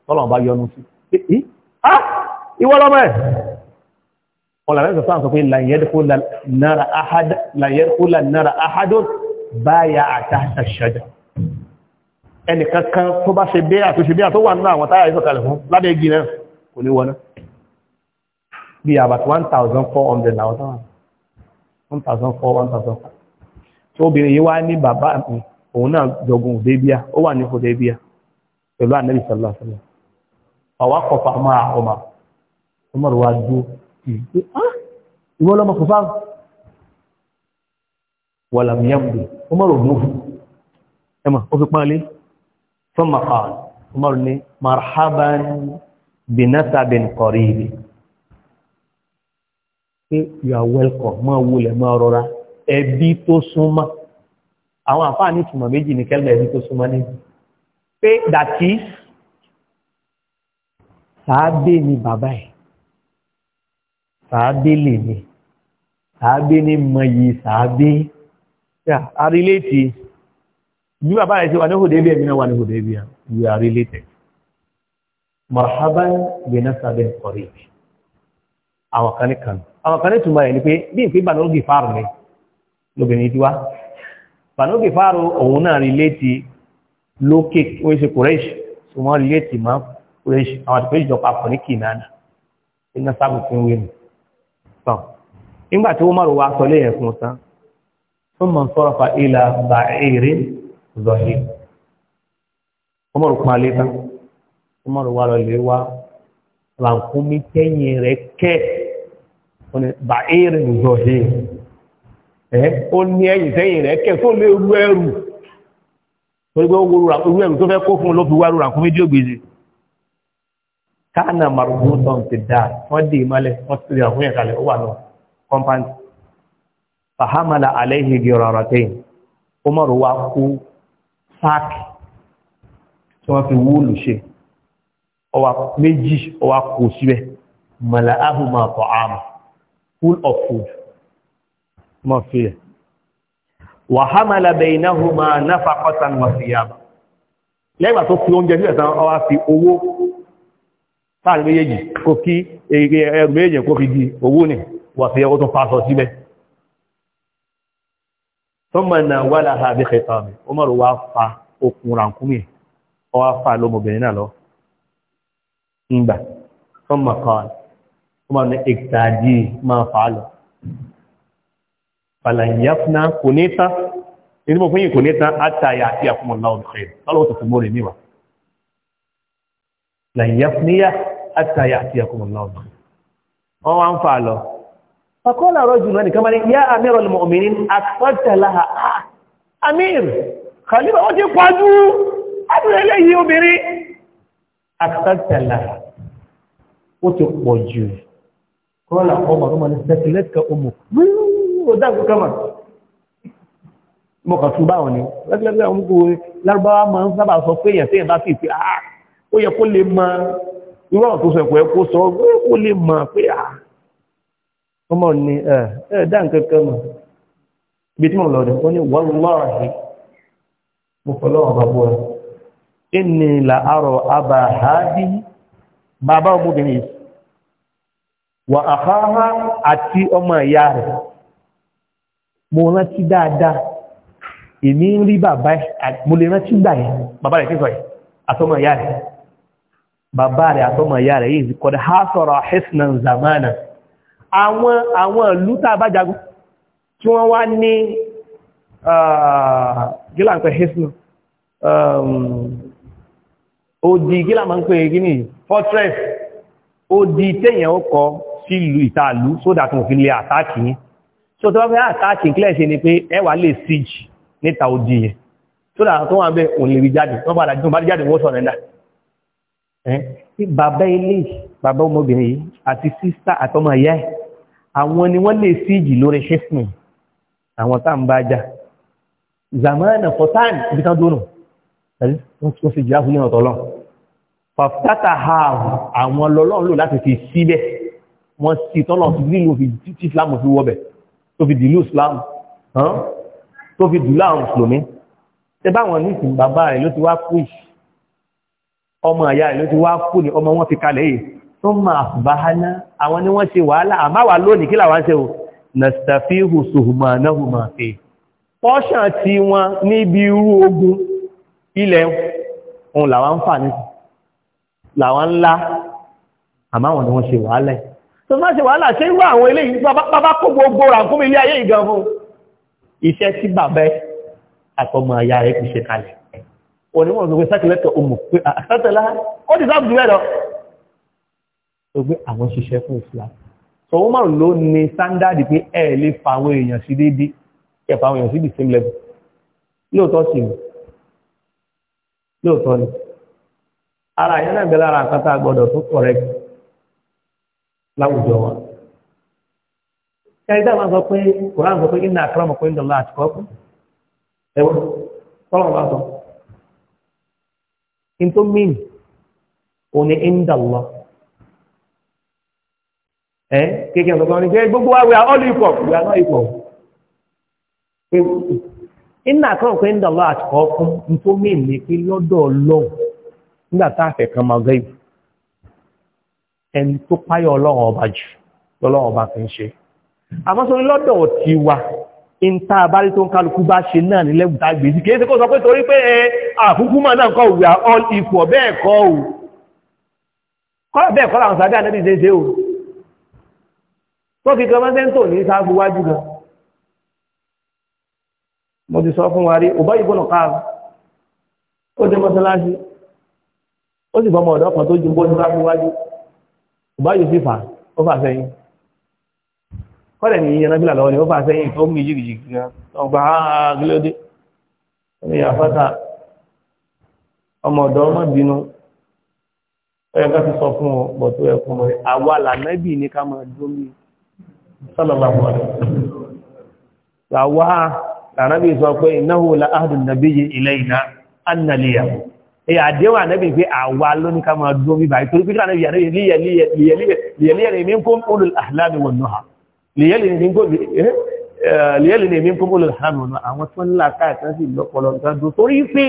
tán ìwọ́lọ́mọ́ ẹ̀ ọ̀làrẹ́sọ̀ sáà sọ pé làyẹ́dẹ́kúlà nára àhádó báyà àtàtà ṣàjà ẹnìkankan tó bá ṣe bí àtúnṣe bí àtúnwà náà àwọn táyà ìsọ̀kalẹ̀ fún lábẹ́ igi náà kò ní wọná bí about 1,400 làwọn táwọn 1,400 tó obìnrin náà jọgùn òdébíà ọ̀wá kọfà máa ọmọ ọmọ rẹ̀ wá dúró ìgbé ah ìwọ lọ́mọ kọfà wà lámìyàmùdù ọmọ rẹ̀ mú ẹmọ ó fi pánlé fún maqal ọmọ ní marhaban binasabin qaribi pé you are welcome máa wulẹ̀ máa rọra ẹbí tó súnmọ́ àwọn àfáà ní ìtumọ̀ méjì ní kẹ́lẹ̀ ẹbí tó súnmọ́ níbi pé that is sàábé ni bàbá ẹ̀ sàábé lè ní sàábé ní mọ̀yì sàábé àrílétì bí bàbá rẹ̀ ṣe wà ní Hudaybiya ẹ̀mí náà wà ní Hudaybiya we are related marhaban bi nasabin qarib àwọn kan ní kan àwọn kan ní túmọ̀ ẹ̀ ni pé bí n pé bànúgì fáàrù ni lóbìnrin tí wá bànúgì fáàrù òun náà relate lókè ó ṣe kùrẹ́ṣì tí wọ́n relate máa kúrẹ́ṣì àwọn àti kúrẹ́ṣì jọpa pọ̀ ní kìnnàna iná sábà fún wíìmù tán nígbà tí wọ́n máa rò wá sọ lẹ́yìn ẹ̀kún tán tó mọ̀ ń sọ̀rọ̀ fa ìlà bá èrè zọ̀hí wọ́n máa rò kún alẹ́ tán wọ́n máa rò wá lọ lè wá làǹkúmí tẹ́yìn rẹ̀ kẹ́ wọ́n ní bá èrè zọ̀hí ẹ̀ ó ní ẹ̀yìn tẹ́yìn rẹ̀ kẹ́ tó lè rú ẹrù torí pé ó wo ẹrù tó fẹ́ kó fún un ló fi wá rú làǹkúmí díògbèsè káànà marubutọ̀n ti dà wọ́n dì ìmọ́lẹ̀ wọ́n ti rà fún ìkàlẹ̀ ó wà lọ kọ́mpáǹtì fahamala alayhi giraratain Umar wa kú sáàkì tí wọ́n fi wúlù ṣe ọwà méjì ọwà kò síbẹ̀ mọ̀lá ahùnmọ̀ àtọ̀ àmà full of food mọ̀ fílẹ̀ wà hamala baynahuma náfàkọ́sán wà síyàmà lẹ́gbà tó fi oúnjẹ sílẹ̀ tán ọwà fi owó láàrin méjèèjì kó kí ẹrù méjèèjì kó fi di owó ní wà sí ẹkọ́ tó pàṣọ síbẹ̀ tó mọ̀ náà wà láha bí kẹta mi ó mọ̀rọ̀ wá fa okùn rànkúmì ọ wá fa lọ́mọbìnrin náà lọ ńgbà tó mọ̀ kan ó mọ̀ ní ìtàdí máa fà á lọ fàlàyàfúnà kò fún yìí àtàyà àti ẹkùnmọ̀ náà wọ́n wá ń fà lọ fàkọ́lá rọ́jù náà nìkan mẹ́rin yá amẹ́rọ lè mọ̀mìnì àkọ́tẹ̀lá amir khalifa wọ́n ti pàdú adúrẹ́lẹ́ yìí obìnrin àkọ́tẹ̀lá ó ti pọ̀ jù kọ́lá ọmọ ọmọ ní sẹ́kìlẹ́tìkà ọmọ mú dákù kama mọ̀kà tún báwọn ni lẹ́gbẹ̀rẹ̀ lárúbáwá máa ń sábà sọ pé èèyàn tẹ́yìn bá sì pé ah, ó yẹ kó lè máa irú àwọn tó sọ ẹ̀kọ́ ẹ̀kọ́ sọ lè pé à ọmọ ni ẹ̀ dá nǹkan kan mọ̀ bí tí mo lọ rẹ̀ ó ní wallahi mo fọlọ́ ẹ̀ la arọ abà bàbá ọmọbìnrin bàbá rẹ̀ àtọ́mọ̀ ìyá rẹ̀ yìí kọ̀dẹ̀ ha sọ̀rọ̀ hisnan zamana àwọn àwọn ìlú tàà bá jagun tí wọ́n wá ní gílàǹpẹ̀ hisnan odi gílàǹpẹ̀ gíní fortress odi tẹ́yàn ọkọ̀ sílù ìtàlú sódà tó so tó bá fẹ́ ni pé ẹwà lè siege níta odi yẹn sódà tó wà bẹ́ wọ́n padà Eh? tí bàbá ilé bàbá ọmọbìnrin yìí àti sísá àtọmọ ìyá ẹ̀ àwọn ni wọ́n lè síjì lórí ṣífìmù àwọn tá ń bá jà zamana fọ́tán ibi tán dúró wọ́n sì jìlá fúnlẹ̀ ọ̀tọ̀ lọ fàfitátà ha àwọn lọ́lọ́run lò láti fi síbẹ̀ wọ́n sì tọ́lọ̀ sí nílò fi títí islam fi wọ́bẹ̀ tó fi dìlú islam tó fi dùlá àwọn mùsùlùmí tẹ báwọn ní ìsìn bàbá rẹ̀ ló ti wá púìsì ọmọ àyà ìlú ti wá kú ní ọmọ wọn fi kalẹ̀ yìí tó máa báhánà àwọn ni wọ́n ṣe wàhálà àmáwà lónìí kí làwọn ṣe o nàstàfíhù sùhùmà náhùmà fi pọ́ṣàn tí wọn níbi irú ogun ilẹ̀ ohun làwọn ń fà ní làwọn ńlá àmáwọn ni wọ́n ṣe wàhálà tó máa ṣe wàhálà ṣe ń wá àwọn eléyìí bàbá kó gbogbo rà fún ilé ayé àyà rẹ̀ fi ṣe kalẹ̀ onímọ̀ gbogbo sákìlẹ́tọ̀ òmù pé àtàtàlá ah, ó ti sáàbù jùlọ lọ gbogbo àwọn ṣiṣẹ́ fún Islam so wọ́n márùn ló ní sándàdì pé ẹ lè fa àwọn èèyàn sí déédéé ẹ fa àwọn èèyàn sí the same level lóòótọ́ sí ni lóòótọ́ ni ara yẹn náà bẹ lára àkàtà gbọdọ̀ tó correct láwùjọ wa kẹrìndà máa sọ pé kòrán sọ pé iná àkàrà ọmọkùnrin dọ̀lá àtìkọ́ ẹ̀wọ̀n tọ́lọ̀ bá sọ in tó mìn òní indallah ẹ eh? kéèké gbogbo we are all equal we are not equal pé iná kan pé indallah àtìkọ́ fún in tó mìn ní pé lọ́dọ̀ ọlọ́run nígbà tá a fẹ́ kan máa fi ń in ta bari tó ń kálukú bá ṣe náà ní lẹ́gùn tá gbèsí kìí ṣe kó sọ pé torí pé àkúkú máa náà kọ́ we are all equal bẹ́ẹ̀ kọ́ o kọ́lá bẹ́ẹ̀ kọ́lá àwọn sàbẹ́ ànẹ́bí ṣeéṣe o tó fi kan mẹ́sẹ̀ ń tò ní sáàbù wájú gan mo ti sọ fún wa rí òbá ìbọn káà ó dé mọ́sálásí ó sì bọ́ ọ̀dọ́ kan tó ju bó ti sáàbù wájú òbá yóò sì fà ó fà sẹ́yìn kọ́lẹ̀ ní iye nábìlà lọ́wọ́ ni ó fà sẹ́yìn tó mú ìjìgìjì gan ọgbà gílódé ọmọ ìyàfọ́ta ọmọ ọ̀dọ́ ọmọ bínú ẹ̀yọ́ ká ti sọ fún ọ bọ̀ tó ẹkùn mọ̀ àwa lànàbì ní ká máa dúró pé innahu la ahdun nabiyyi ilayna annaliya èyí àdéhùn ànábì pé àwa ló ká máa dúró bí báyìí pé kí lànàbì ànábì ní mí kó ń kó lul ahlami wan nuha lèyẹ́lì ní èmi ń kókó lè hàn ọ̀nà àwọn tó ń là káàkiri sí ìlọ́pọ̀lọ́ nǹkan dùn torí pé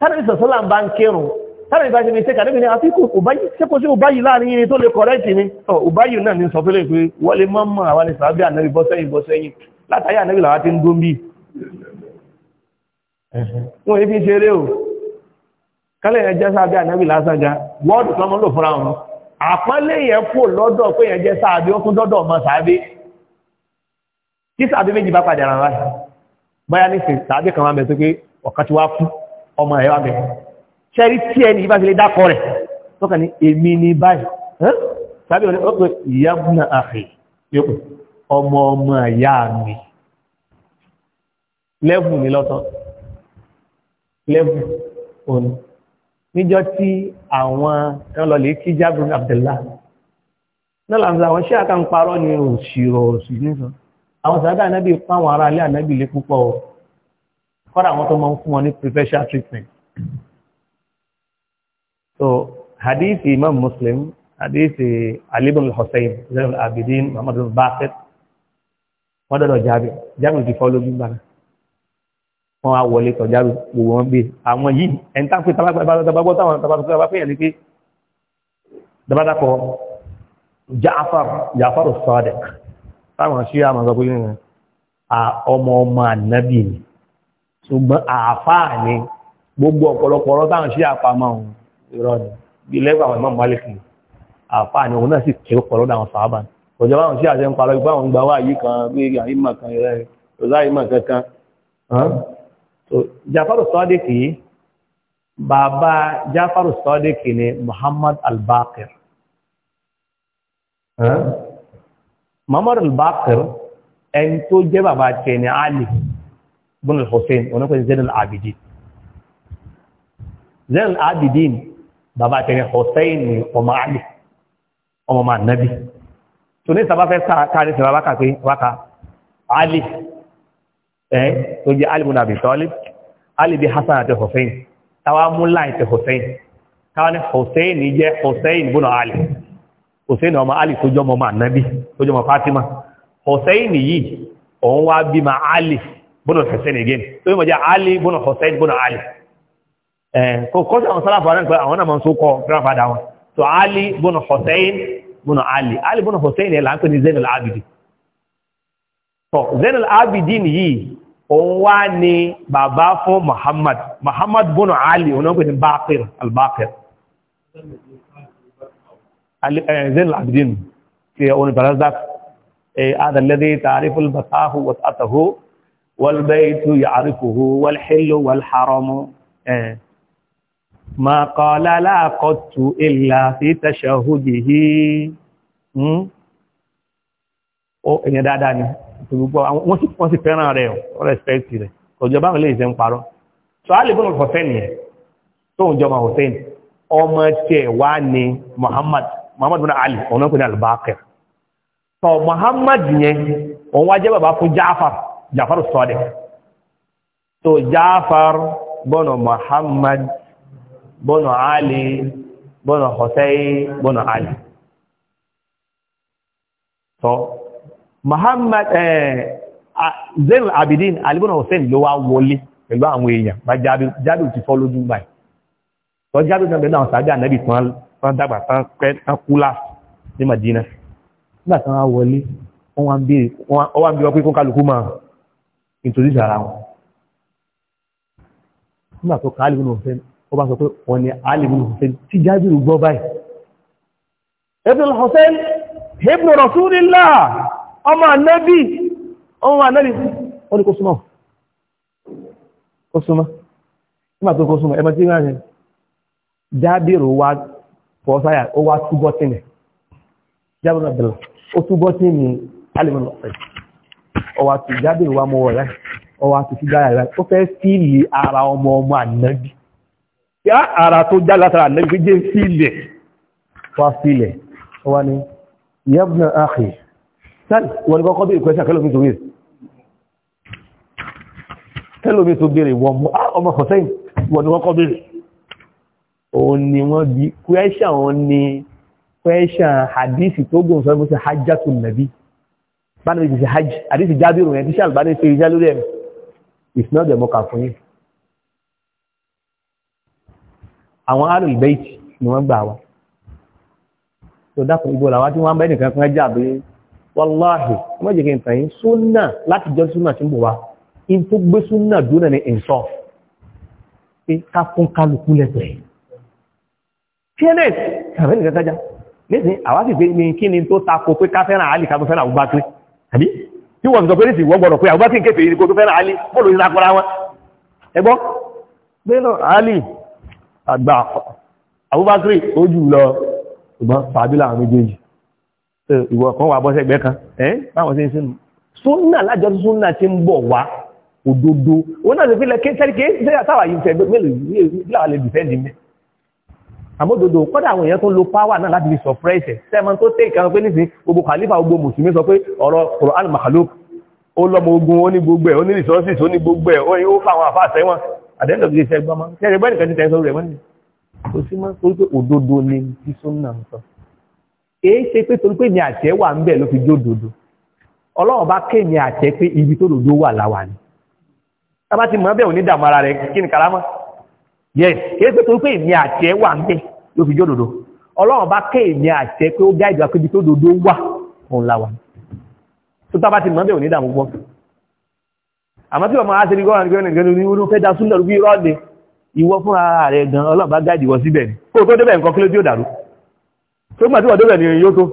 tánàbí sọ̀sọ́là ń bá ń kírun tánàbí bá ti ní tẹ́kà níbi ní àfikún òbáyí tẹ́kọ̀ sí òbáyí láàrin yìí tó lè kọ̀rẹ́tì ni òbáyí náà ní sọ fẹ́lẹ̀ pé wọ́n lè mọ́ mọ́ àwọn ìsàbí ànábì bọ́ sẹ́yìn bọ́ sẹ́yìn látàrí ànábì làwọn ti ń dún bí. wọn yìí fi ń ṣeré o kálẹ̀ yẹn jẹ́ sábẹ́ ànábì lásán ga wọ́ọ̀dù tó máa ń lò fúnra wọn tí sàbí méjì bá padà ràn wáyé báyá nísìn sàbí kan wá bẹ̀ tó pé ọ̀kan ti wá fún ọmọ ẹ̀yọ́ abẹ̀ ṣẹ́rí tí ẹni ìbá fi lè dákọ rẹ̀ tọ́ka ní èmi ní báyìí sàbí ọ̀nà ọ̀pẹ̀ ìyá múnà àfẹ́ yóò ọmọ ọmọ ìyá mi àwọn sàádà ànábì fún àwọn ará alẹ́ ànábì lé púpọ̀ o kọ́dà àwọn tó máa ń fún wọn ní preferential treatment so hadith imam muslim hadith ali bin hussein zainul abidin muhammad bin baqir wọ́n dọ̀dọ̀ jáde jáde ti fọ́ lójú gbára wọ́n á wọlé tọ̀ jáde gbogbo wọn gbé àwọn yìí ẹni tá pé tabagbọ́ táwọn tabagbọ́ fẹ́yàn ni pé dabadakọ jaafar jaafar sadiq táwọn ṣí àmọ́ sọ pé ọmọ ọmọ ànábì ni ṣùgbọ́n àáfàá ni gbogbo ọ̀pọ̀lọpọ̀ ọ̀rọ̀ táwọn ṣí àpamọ́ òun irọ́ ni bí lẹ́gbàá ni òun náà sì kéwọ́ pọ̀ lọ́dọ̀ àwọn sàábà ni ọjọ́ báwọn ṣí àṣẹ ń parọ́ ipá àwọn gbà wá yìí kan bí àyímọ̀ kan rẹ̀ ọ̀sá àyímọ̀ ni Muhammad Al-Baqir. Muhammad al-Baqir ẹni tó jẹ́ bàbá tiẹ̀ ní Ali bin al-Hussein onípẹ̀lú Zain al-Abidin Zain al-Abidin bàbá tiẹ̀ ní Hussein ní ọmọ Ali ọmọ ma nabi tó ní sábà fẹ́ káàrí sí wákà pé wákà Ali ẹ́ tó jẹ́ Ali bin Abi Ali bí Hassan àti Hussein táwa mú láì ti Hussein táwa ní Hussein jẹ́ Hussein bin Ali hussein ọmọ ali tó jọmọ ọmọ ànábì tó jọmọ fatima hussein yìí òun wá bí ma ali bọ́nà hussein again tó yí mọ̀ jẹ́ ali bọ́nà hussein bọ́nà ali kò kọ́sí àwọn sálàfà náà pé àwọn náà máa ń so kọ́ grandfather wọn so ali bọ́nà hussein bọ́nà ali ali bọ́nà hussein yẹn là ń pè ní zainal abidi so zainal زين العابدين في أول برزدك هذا الذي تعرف البصاه وسعته والبيت يعرفه والحل والحرم ما قال لا قدت إلا في تشهده ó èyàn dáadáa ni gbogbo wọ́n sì wọ́n sì fẹ́ràn rẹ̀ ọ̀ rẹ̀spẹ̀tì rẹ̀ ọjọ́ báwọn lè ṣe ń parọ́ so a wá ní muhammad muhammad bin ali ọ̀nà pẹ̀lú albaqir tọ muhammad yẹn òun wá jẹ́ bàbá fún jaafar jaafar sọ́dẹ̀ so Jafar bọ́nà muhammad bọ́nà ali bọ́nà hussein bọ́nà ali tọ muhammad eh, zainul abidin ali bọ́nà hussein ló wá wọlé pẹ̀lú àwọn èèyàn bá jáde ti fọ́ lójú báyìí tọ́ jáde náà bẹ̀rẹ̀ náà sàájá náà wọ́n dàgbà tán pẹ́ tán kú láti ní Madina nígbà tí wọ́n wọlé wọ́n wá ń bí wọ́n pé kó kálukú máa nítorí ìṣàrà wọn nígbà tó ká àlìbùn òfin ó bá sọ pé wọ́n ni àlìbùn òfin tí jábìrù gbọ́ báyìí Ibn Hussein Ibn Rasulillah ọmọ ànábì ọmọ ànábì ó ní kó súnmọ́ kó súnmọ́ nígbà tó kó súnmọ́ ẹgbẹ́ tí wọ́n jábìrù wá fọ́sáyà ó wá túbọ́ tí nì jábọ̀ náà bẹ̀rẹ̀ ó túbọ́ tí nì alìmọ̀ lọ́pẹ̀ ọwà tó jáde ìwà mọ́ rẹ̀ ọwà tó fi jáde rẹ̀ ó fẹ́ sílì ara ọmọ ọmọ ànábì yá ara tó já látara ànábì fi jẹ́ sílẹ̀ wá sílẹ̀ ọwà ni yabna akhi sani wọn ni kọ́kọ́ bí ìkwẹ́sà kẹlòmí tó bèèrè kẹlòmí tó bèèrè wọn ah, ọmọ kọ̀sẹ́yìn wọn ni kọ́kọ́ bèèrè òun ni wọ́n bí kwẹ́ṣà wọn ni kwẹ́ṣà hadisi tó gùn sọ́dún sí hajjatul nabi báni ti ṣe hajj hadisi jábìrù yẹn tíṣà báni ṣe iṣẹ́ lórí ẹ̀ ìsinà dẹ̀ mọ́ka fún yín. àwọn arìnrìn bẹ́ẹ̀tì ni wọ́n gbà wá tó dákun ibo làwọn tí wọ́n bẹ́ẹ̀ nìkan kan jà bí wàláhì wọ́n jẹ́ kí n tàn yín súnà láti jọ súnà tí ń bọ̀ wá in tó gbé súnà dúró náà ní ìsọ̀ pé ká fún kálukú lẹ́tọ̀ọ́ yìí fairness kàfẹ́ nìkan sájá nísìn àwa sì pé ní kí ni tó tako pé ká fẹ́ràn àálì ká tó fẹ́ràn àbúbákírí àbí tí wọ́n sọ pé ní sì wọ́n gbọ́dọ̀ pé àbúbákírí kéfèé ní kó tó fẹ́ràn àálì bọ́ọ̀lù ní lákọ́ra wọn ẹgbọ́ gbẹ́nà àálì àgbà àbúbákírí ó jù lọ ṣùgbọ́n fàbílà àwọn méjèèjì ìwọ kan wà bọ́sẹ̀gbẹ́ kan ẹ́ báwọn sí sínú súnà lájọ́ súnà ti ń bọ̀ wá òdodo òun náà sì fi lẹ kéńtẹ́rì kéńtẹ́rì àtàwà àmódodo kọ́dà àwọn èèyàn tó lo power náà láti fi suppress sẹ́mọ́n tó tẹ́ ìkàwọn pé nísìn gbogbo khalifa gbogbo mùsùlùmí sọ pé ọ̀rọ̀ Quran mahaluk ó lọ́mọ ogun ó ní gbogbo ẹ̀ ó ní resources ó ní gbogbo ẹ̀ ó yẹ ó fáwọn àfáà sẹ́wọ̀n àdéhùn ọ̀gbìn iṣẹ́ gbọ́mọ́ kẹrẹ gbọ́ nìkan ti tẹ́ sọ́rọ̀ rẹ̀ wọ́n ní kò sí mọ́ torí pé òdodo ni tí sọ́nà ń sọ èé ṣe pé torí pé ní àtẹ́ wà ń bẹ̀ ló fi jó dodo ọlọ́run bá ké ní àtẹ́ pé ibi tó dodo wà láwa ni tá bá yes kìí pé tó pé èmi àti ẹ wà ń bẹ ló fi jódodo ọlọ́run bá ké èmi àti ẹ pé ó gáìdì àpébi tó dodo wà òun la wà tó tá bá ti mọ́ bẹ́ẹ̀ ò ní dààmú gbọ́ àmọ́ tí ọmọ aṣèlú gọ́ọ̀rọ̀ nígbà nígbà ní irú fẹ́ da súnlẹ̀ bí irọ́ ni ìwọ fún ara rẹ̀ gan ọlọ́run bá gáìdì wọ síbẹ̀ ni kó o tó débẹ̀ nǹkan kí ló dé òdàrú tó gbà tí wọ́n débẹ̀ ni yóò tó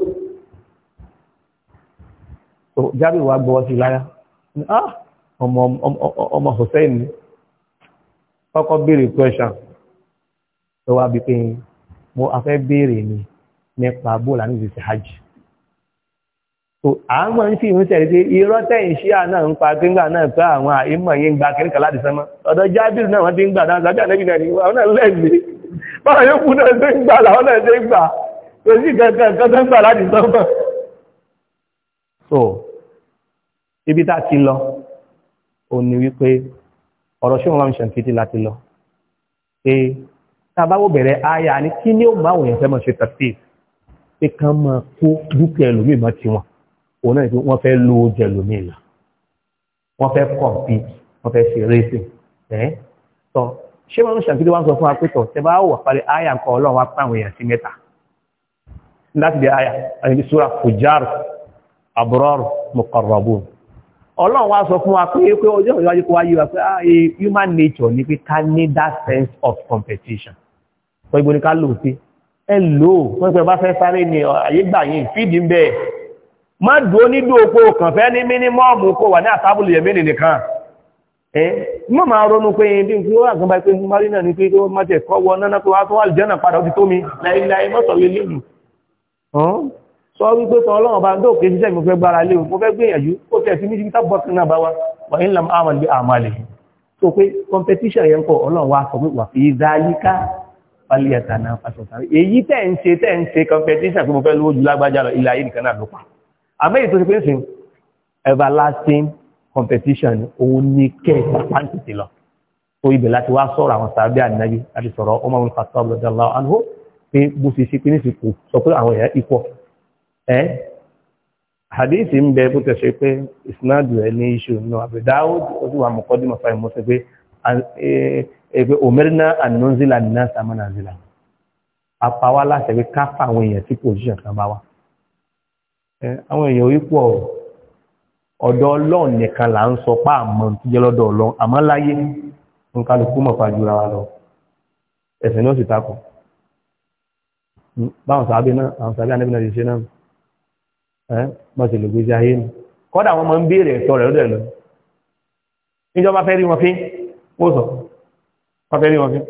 jábì wa gbọ́ sí lára ọmọ ọmọ Hussein ni kọ́kọ́ beere question tó wá bí pé mo afẹ́ ni nípa bóòlù àníbi hajj so àwọn ń fi ìmúṣẹ rí pé irọ́ tẹ̀yìn ṣíà náà ń pa gbígbà náà pé àwọn àìmọ̀ ń gba kẹ́ríkà láti sánmọ́ ọ̀dọ̀ jábìrì náà wọ́n ti ń gbà náà náà ni náà báwọn yóò kú náà ṣe ń gbà náà so ibi tá a ti lọ òní wípé ọ̀rọ̀ ṣé wọn máa ń ṣàǹkìtì láti lọ pé tá a bá wò bẹ̀rẹ̀ aya ni kí ni ó máa wò yẹn fẹ́ máa ṣe tafsir pé kán máa kó dúkìá ẹlòmíì mọ́ tiwọn òun náà ni pé wọ́n fẹ́ lo oúnjẹ ẹlòmíì lọ wọ́n fẹ́ compete wọ́n fẹ́ ṣe racing ẹ̀ tọ́ ṣé wọn ń ṣàǹkìtì wá ń sọ fún wa pé tọ̀ tẹ bá wò àpàlẹ̀ aya nǹkan ọlọ́run wá pàwọn èèyàn sí mẹ́ta láti di aya àti ọlọ́run wá sọ fún wa pé pé ọjọ́ ìwájú kó wá yíwa pé ah, eh, human nature ni pé ká ní that sense of competition sọ ìgbò ní ká lò sí ẹ lò wọ́n pẹ̀ bá fẹ́ sáré ní ayé gbà yìí fídí ń bẹ́ẹ̀ má dúó nídú opó kàn fẹ́ ní mínímọ́ọ̀mù kó wà ní àtàbùlù yẹ̀mí nìkan ẹ mọ́ máa ronú pé bí n fi ó àgbà pé mari náà ni pé ó má tẹ̀ kọ́ wọ náà pé wá tó wà lìjẹ́ náà padà ó ti tó mi láìláì mọ́sọ̀lélẹ́lù sọ wípé tọ́ ọlọ́run bá ń tó kèé síṣẹ́ mi fẹ́ gbára lé mo fẹ́ gbìyànjú ó tẹ̀ sí ní ibi tábọ̀ náà bá wa wà ń lam amal bí amali so pé competition yẹn kọ ọlọ́run wa sọ pé wà fi zálíkà pálíyàtà náà fàṣọ sáré èyí tẹ̀ ń ṣe tẹ̀ ń ṣe competition pé mo fẹ́ lówó ju lágbájá ayé nìkan náà ló pa àmọ́ èyí everlasting competition òun ní kẹ́ so ibẹ̀ láti wá sọ̀rọ̀ àwọn sàbí ànábi láti sọ̀rọ̀ Umar bin Khattab anhu pé bó ṣe ṣe pé ní ṣe kò sọ ẹ́ hadithi ń bẹ bó tẹ̀ ṣe pé ìsinádù ẹ̀ ní iṣu náà Abu Dawud ó sì wà mọ̀kọ́ dìmọ̀ fáyìn mọ́sẹ̀ pé omerina e, e, anonzila nina samanazila apawa láṣẹ pé ká fà àwọn èèyàn tí pòsíṣàn kan bá wà àwọn èèyàn orí pọ̀ ọ̀dọ̀ ọlọ́run nìkan là ń sọ pá àmọ́ tí jẹ́ lọ́dọ̀ ọlọ́run àmọ́ láyé ń kálukú mọ̀ fàjúra báwọn sàábì náà àwọn sàábì àníbì náà ti náà mọ́sí ló gbéṣẹ́ ayé nù kọ́dà wọn máa ń béèrè ẹ̀tọ́ rẹ̀ lọ́dọ̀ ẹ̀ lọ níjọba fẹ́ rí wọn fín ó sọ wọn fẹ́ rí wọn fín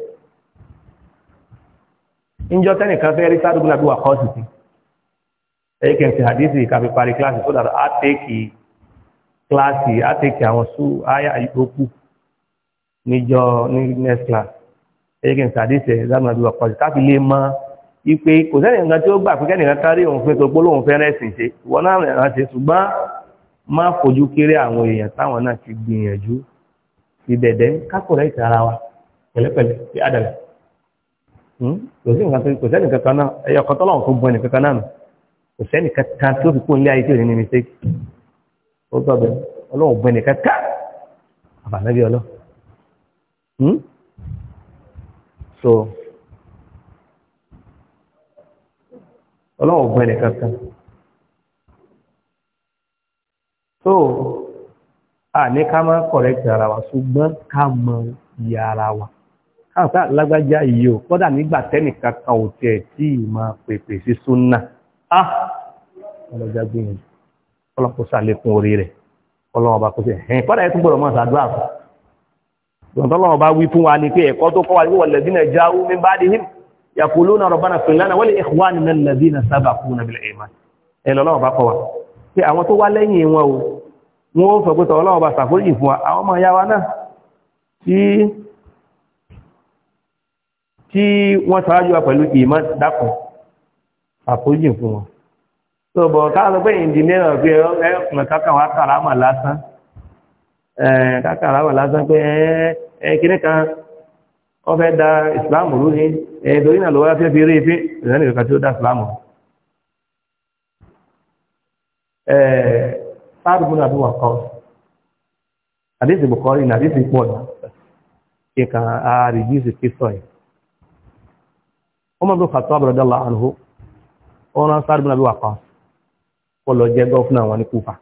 níjọ tẹ́nìkan fẹ́ rí sádùgbò làbí wà kọ́ọ̀sì sí ẹ̀yìn kẹ́ǹtì àdísì kàfi parí kíláàsì tó dàrú àtẹ́kì kíláàsì àtẹ́kì àwọn sú áyà ìgbókù níjọ ní next class ẹ̀yìn kẹ́ǹtì àdísì ẹ̀ sádùgbò làbí wà kọ́ọ̀sì káfí lè máa ipe kò sẹ́ni nǹkan tí ó gbà fún kẹ́nìkan kárí òun fẹ́ tó polóhùn fẹ́ rẹ̀sìn ṣe wọ́n náà rẹ̀ ránṣẹ́ ṣùgbọ́n má fojú kéré àwọn èèyàn táwọn náà ti gbìyànjú ti dẹ̀dẹ̀ kákùrẹ́ ìtara wa pẹ̀lẹ́pẹ̀lẹ́ ti àdàlẹ̀ hmm? kò sí nǹkan kò sẹ́ni kankan náà ẹ̀yọ kan tọ́lọ́run fún bọ́ ẹnìkankan náà kò sẹ́ni kankan tó fi kún ilé ayé tí ò ní ní mistake ó gbọ́ bẹ́ẹ̀ ọlọ́run bọ́ ẹnìkankan àbànábí ọlọ́ hmm? so ọlọ́wọ́ gbọ́n ẹnìkan kan so a ní ká máa correct ara wa ṣùgbọ́n ká mọ ìyá ara wa káwọn ká lágbájá yìí o kọ́dà nígbà tẹ́nìkan kan ò tiẹ̀ tí ì máa pèpè sí súnà á ọlọ́jà gbìyànjú ọlọ́pọ̀ sàlékún orí rẹ̀ ọlọ́wọ́ bá kó sí ẹ̀hìn kọ́dà ẹ̀ tún gbọ́dọ̀ máa ṣàdúrà fún ọlọ́wọ́ bá wí fún wa ni pé ẹ̀kọ́ tó kọ́ wa ní wọ̀lẹ́dínà jáwó mi bá dé hìmù yaquluna rabbana fil lana wa li ikhwanina alladhina sabaquna bil iman elo lo ba ko wa pé àwọn tó wá lẹ́yìn wọn o wọ́n sọ pé Ọlọ́run bá ṣàforíjì fún wa àwọn ma ya wa náà tí tí wọ́n ṣáájú wa pẹ̀lú iman dákun àforíjì fún wọn so bo ka sọ pé engineer pé e kan ka kan wa karama lásán eh ka karama lásán pé eh kíni kan wọ́n fẹ́ da ìsìláàmù rú ní ẹ̀ẹ́dọ̀rí náà lọ́wọ́ fẹ́ fi rí pé ìrẹ́nì ìrẹ́ka tí ó dá ìsìláàmù sáàdùgbọ́n àbí wà kọ́ àdéhìsì bùkọ́rí ní àdéhìsì pọ̀ ní kíkà àrídìsì kíkọ́ yìí wọ́n mọ̀ bí kàtọ́ àbúrọ̀dá láàánú wọ́n rán sáàdùgbọ́n àbí wà jẹ́ gọ́fúnà wọn ní kúfà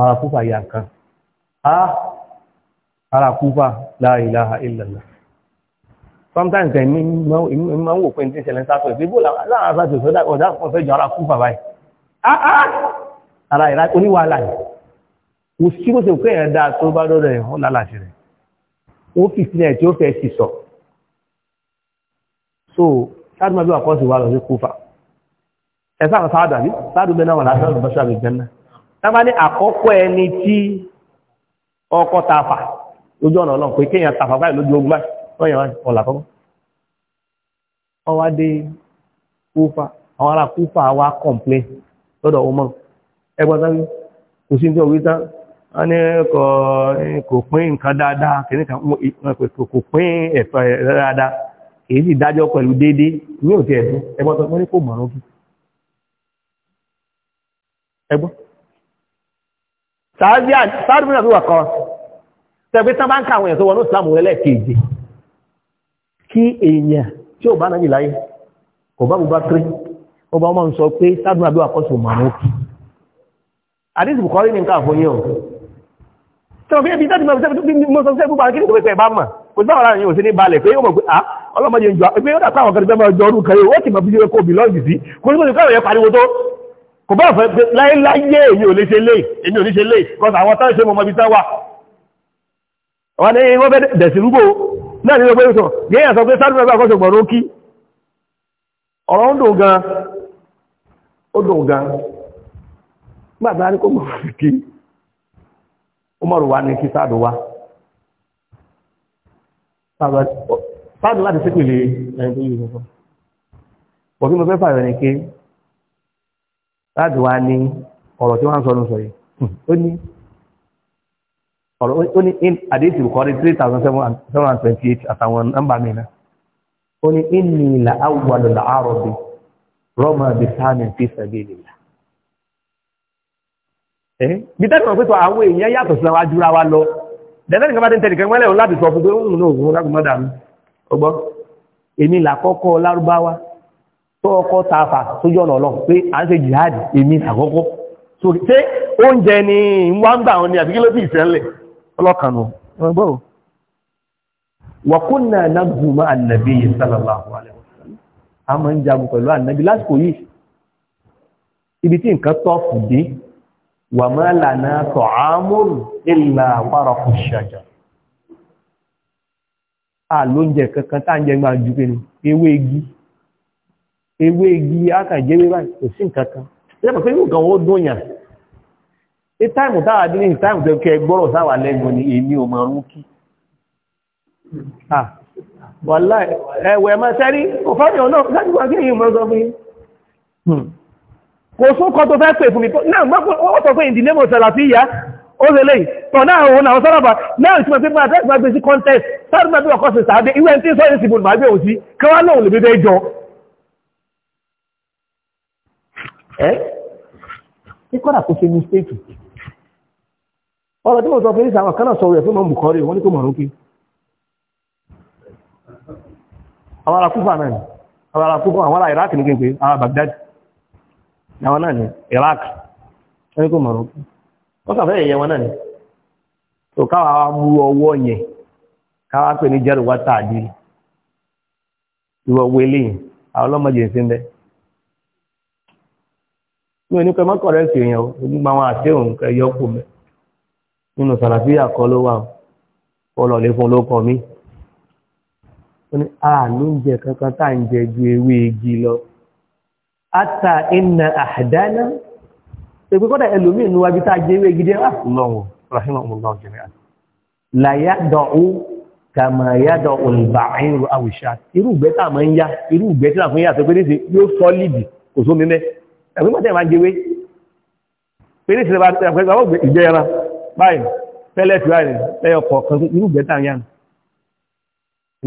ara kúfà yà kan ah! ara kúfà la ilaha illallah sometimes ẹ̀mí máa ń wò pé ní ṣẹlẹ̀ sáfẹ́ ìgbébò láàrín àbájò sọ́dá ọ̀dá kan fẹ́ jọ ara kú bàbá yìí ah, ah! ara ìrà oníwàhálà yìí kò sí kó ṣe pé ẹ̀yàn dáa tó bá lọ́dọ̀ ẹ̀ wọ́n lálàṣẹ rẹ̀ ó fi sílẹ̀ tí ó fẹ́ sì sọ so sáàdù máa bí wà kọ́sì wà lọ sí kúfà ẹ sáàdù sáàdù àbí sáàdù bẹ́ẹ̀ náà wà lásán lọ bọ́ṣà bìí jẹ́nà tábà ní àkọ́kọ́ ẹni tí ọkọ̀ tafa lójú ọ̀nà ọlọ́run lọ́yà ọ̀là kọ́kọ́ ọwá dé kúfà àwọn ará kúfà wá kọ̀m̀plé lọ́dọ̀ ọmọ ẹgbọ́n sáré kò sí tí òwúrítà a ní ẹ̀kọ́ kò pín nǹkan dáadáa kìí kan kò pín ẹ̀fẹ́ dáadáa kìí sì dájọ́ pẹ̀lú déédéé ní òtí ẹ̀dùn ẹgbọ́n sọ wọ́n ní kò mọ̀ràn kí ẹgbọ́n sáájú àti sáájú náà fi wà kọ́ sẹ́gbẹ́ sábà ń ka àwọn ẹ̀sọ́ wọnú ìsìlámù rẹ̀ lẹ́ẹ̀kejì tí èèyàn tí ò bá náà yìí láyé kò bá bùbá kiri ó bá wọn sọ pé sádùn àbí àkọsù màmú kì àdìsí bùkọ́rí ní nǹkan àfọyín o sọ pé ibi tí mo sọ sẹ́kù pàákì nítorí pé ẹ bá mà kò sí àwọn ará yìí ò sí ní balẹ̀ pé ó mọ̀ pé ah ọlọ́mọdé ń jọ pé ó dàpọ̀ àwọn kan tó fẹ́ máa jọ orúkọ yìí ó ti mọ̀ bí ó kò bí lọ́ọ̀dì sí kò sí kò sí pariwo tó kò bá fẹ́ pé láíláyé èyí ò lè ṣe lé èyí ò ní ṣe lé kọ́sà àwọn táwọn ṣe mọ̀ mọ́ ibi táwà wọn ni wọ́n fẹ́ dẹ̀sí rúgbò náà nílò pé ìtọ̀ yẹ́yàn sọ pé sálùmọ́ ẹgbẹ́ àkọ́ṣe gbọ̀rọ̀ kí ọ̀rọ̀ ń dùn gan ó dùn gan gbàgbà ní kó mọ̀ ó mọ̀rù wá ní kí sáàdù wá ọ̀rọ̀ ó ní àdéhìsì bukọ́rí 3728 àtàwọn nọ́mbà mìíràn ó ní inú ìlà awùwàlù làárọ̀ bí rọ́mà bí sáàmì fi sàgbé nìyà. bí tẹ́lẹ̀ wọn pé sọ àwọn èèyàn yàtọ̀ sí àwọn ajúra wa lọ dẹ́lẹ́ nìkan bá ti ń tẹ̀lé kan mọ́lẹ̀ òun láti sọ fún pé òun náà òun lágùn mọ́dà mi ọgbọ́n èmi làkọ́kọ́ lárúbáwá tó ọkọ́ ta fà sójú ọ̀nà ọlọ́run pé à ń ṣe jihad èmi àkọ́kọ́ ṣé oúnjẹ ni wọ́n ń gbà wọn ni àbí kí ló fi ìṣẹ́ ọlọ́kànú ọgbọ́rò wàkúnnà nàgbùmọ́ ànàbí sallallahu alaihi wasallam a máa ń jagun pẹ̀lú ànàbí lásìkò yìí ibi tí nǹkan tọ́ fún dé wà máa lànà tọ̀ ámúrù ìlà wàrà fún ṣàjà a ló ń jẹ kankan tá ń jẹ gbà ju pinnu ewé igi ewé igi akàjẹ́wé báyìí kò sí nǹkan kan ní táìmù táwà dín ní táìmù tó kẹ gbọ́rọ̀ sáwà lẹ́gbọ́n ni èmi ò mọ̀ rún kí wàláì ẹ̀wẹ̀ máa sẹ́rí òfáàdì ọ̀nà láti wà gẹ́yìn mọ́ sọ fún hmm. kò sún kọ́ tó fẹ́ pè fún mi náà mọ́kún ó tọ́ pé ìdí nemo sàlàfí ìyá ó lè lè tọ̀ náà òun àwọn sọ́rọ̀bà náà ìtumọ̀ pé máa tẹ́sí máa gbé sí contest sáré máa bí ọkọ̀ sí sàádé ìwé tí sọ́yìn sí bùn máa gbé òsí káwá náà lè bẹ́ẹ̀ jọ ẹ́ ọ̀rọ̀ tí mo sọ fún yín sàwọn kanáà sọ̀rọ̀ ẹ̀ fún mọ́ bùkọ́rí wọ́n ní kò mọ̀rún kí àwọn ará kúfà náà àwọn ará kúfà àwọn ará Iraq ní kéńpé àwọn Baghdad àwọn náà ní Iraq wọ́n ní kò mọ̀rún kí wọ́n sàfẹ́ ẹ̀yẹ wọn náà ní tó káwa mú ọwọ́ yẹn káwa pè ní jẹ́rù wá tààdì ìwọ̀ wẹlé àwọn ọlọ́mọdé ń sẹ́ńbẹ́ mi ò ní pẹ́ mọ́kọ̀rẹ́sì èèyàn ó ní àti òun kẹ́ yọ́kù mẹ́ nínú sàlàfíà kan ló wà ọlọ́ọ̀lẹ́ fún ló kàn mí ó ní àlóúnjẹ kankan tá à ń jẹ ju ewé igi lọ ata iná àdáná èpè kọ́dà ẹlòmíín nu wábi tá a jẹ ewé igi dé àfúnlọ́wọ̀ ah, rahimahullah jami'an la yad'u kàmà yàdọ̀ olùbàáyìnrò àwùṣà irú ìgbẹ́ tàà máa ń yá irú ìgbẹ́ tí àfún yàtọ̀ pérése yóò sọ́lìdì kò só mímẹ́ ẹ̀fún pàtẹ́ máa ń jẹwé pérése ìgbẹ́ yàrá báyìí pẹ́lẹ̀ tí wáyìí lẹ́yọ kọ̀ọ̀kan irú gẹ̀ẹ́ta yánu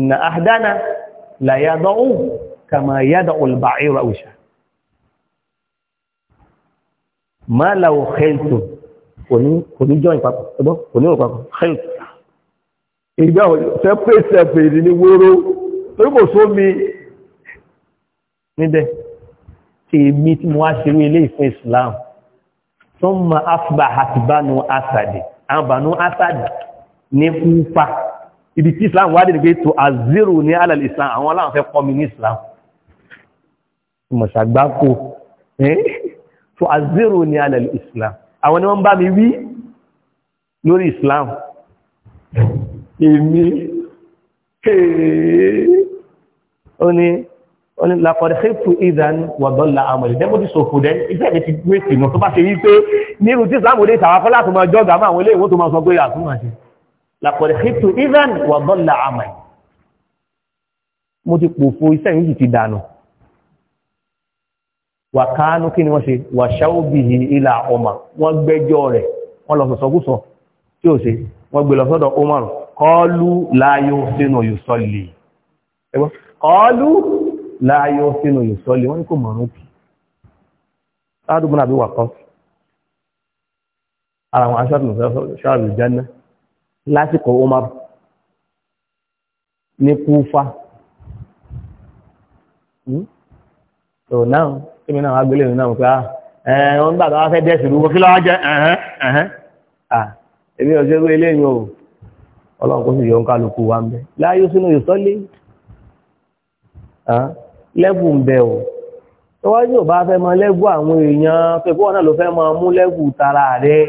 na àdánà làyàdọ́ù kàmà yàdọ̀ olùbàáyìí ràúṣà ma láwọ̀ kẹ́lìtò kò ní jọ́ ìpapọ̀ kò ní òpapọ̀ kẹ́lìtò ìgbà sẹ́pẹ̀sẹ̀pẹ̀ ní wóró torí kò sómi níbẹ̀ tí èmi tí ثم asbahat banu asad àwọn banu asad ní kúfà ibi tí islam wádìí pé tó àzírò ní alàlì islam àwọn aláwọ̀ fẹ́ kọ́mi ní islam mọ̀ṣàgbákò eh? tó àzírò ní alàlì islam àwọn ni wọ́n bá mi wí lórí islam èmi ó ní lakọ̀dẹ̀ ṣètò ìdán wàdọ́là àmọ̀lẹ̀ dẹ́mọ́dì sòfò dẹ́ iṣẹ́ mi ti gbé sínú tó bá ṣe yí pé nírú tí islam dé tàwa fọ́lá tó máa jọ́gà máa wọlé ìwó tó máa sọ pé àtúnmà ṣe lakọ̀dẹ̀ ṣètò ìdán wàdọ́là àmọ̀lẹ̀ mo ti pòfo iṣẹ́ yìí ti dànù wà kánú kí ni wọ́n ṣe wà ó sínú yóò sọ́lì ẹgbọ́n kọlu láyọ́ sínú ìsọ́lẹ̀ wọ́n ní kò mọ̀rún kì sáàdùgbọ́n àbí wà kọ́ ara àwọn aṣọ́tún ṣáàlù jẹ́nà lásìkò Umar ní Kúfà hmm? so now kí mi náà wá gbélé mi náà mo pé ah ẹ̀ẹ́n wọ́n gbà tó wá fẹ́ dẹ́sì rú kí lọ́wọ́ jẹ́ ẹ̀hẹ́n ẹ̀hẹ́n ah èmi ò ṣe wé eléyìí o ọlọ́run kó sì yọ ń kálukú lẹ́bù ń bẹ̀ o tọ́wájú ò bá fẹ́ mọ lẹ́bù àwọn èèyàn pẹ̀pọ̀ náà ló fẹ́ mọ mú lẹ́bù tara rẹ̀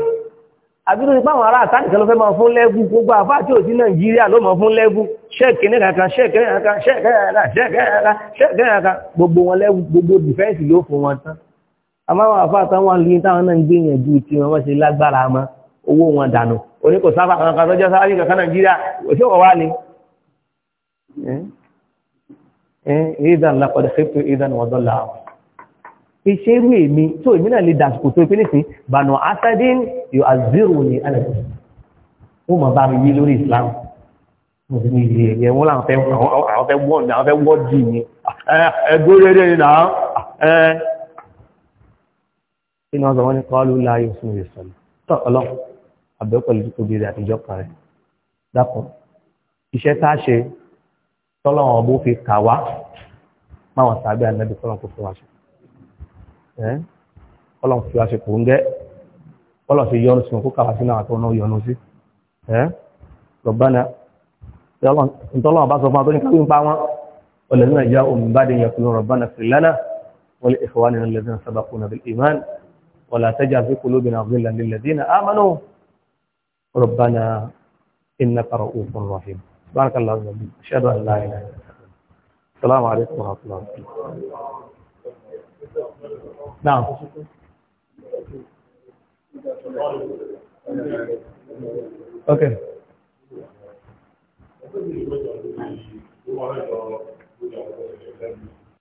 àbílò nípa àwọn ará àtàkìkẹ́ ló fẹ́ mọ fún lẹ́bù gbogbo àfáà tí ò sí nàìjíríà ló mọ fún lẹ́bù ṣẹ́ẹ̀kì ní kankan ṣẹ́ẹ̀kì ní kankan ṣẹ́ẹ̀kì ní kankan ṣẹ́ẹ̀kì ní kankan ṣẹ́ẹ̀kì ní kankan gbogbo wọn lẹ́bù gbogbo dìfẹ́ǹsì ló fún wọn tán àmọ́ àwọn àfáà tán wọn lóyún táwọn náà ń gbìyànjú tí wọn ṣe lágbára mọ́ owó wọn dànù oníkòsáfà kankan tó jẹ́ sáfà ìdán lápàdé fẹ́pẹ́ ìdán wọ́dọ́là iṣẹ́ irú èmi tó èmi náà lè dàsìkò tó pé nísìn bànà asadin yóò àzírò ní alẹ́sì ó mọ̀ bá mi yí lórí Islam mo ti ní ilé ẹ̀yẹ wọn làwọn fẹ́ àwọn fẹ́ wọ́n ní àwọn fẹ́ wọ́n dì eh, eh. ní ẹgbẹ́ rere ní náà ẹ kí tá ṣe tọ́lọ́wọ́n ọbọ̀ fi kà wá máwọn sàbẹ̀ ànábì kọ́lọ́n kò fi wá ṣe kọ́lọ́n fi wá ṣe kò ń gẹ́ kọ́lọ́n fi yọnu sí wọn kó kàwá sí náà tó náà yọnu sí lọ́bánà ntọ́lọ́wọ́n bá sọ fún wa tó ní káwé ń pa wọn ọ̀lẹ́dún náà omi bá dé yẹn kúlọ̀ rọ̀bánà fìlánà wọlé ikhwanina alladhina sabaquna bil iman ولا تجعل في قلوبنا غلا للذين آمنوا ربنا إنك رؤوف بارك الله فيك أشهد أن لا إله إلا الله السلام عليكم ورحمة الله وبركاته نعم اوكي okay.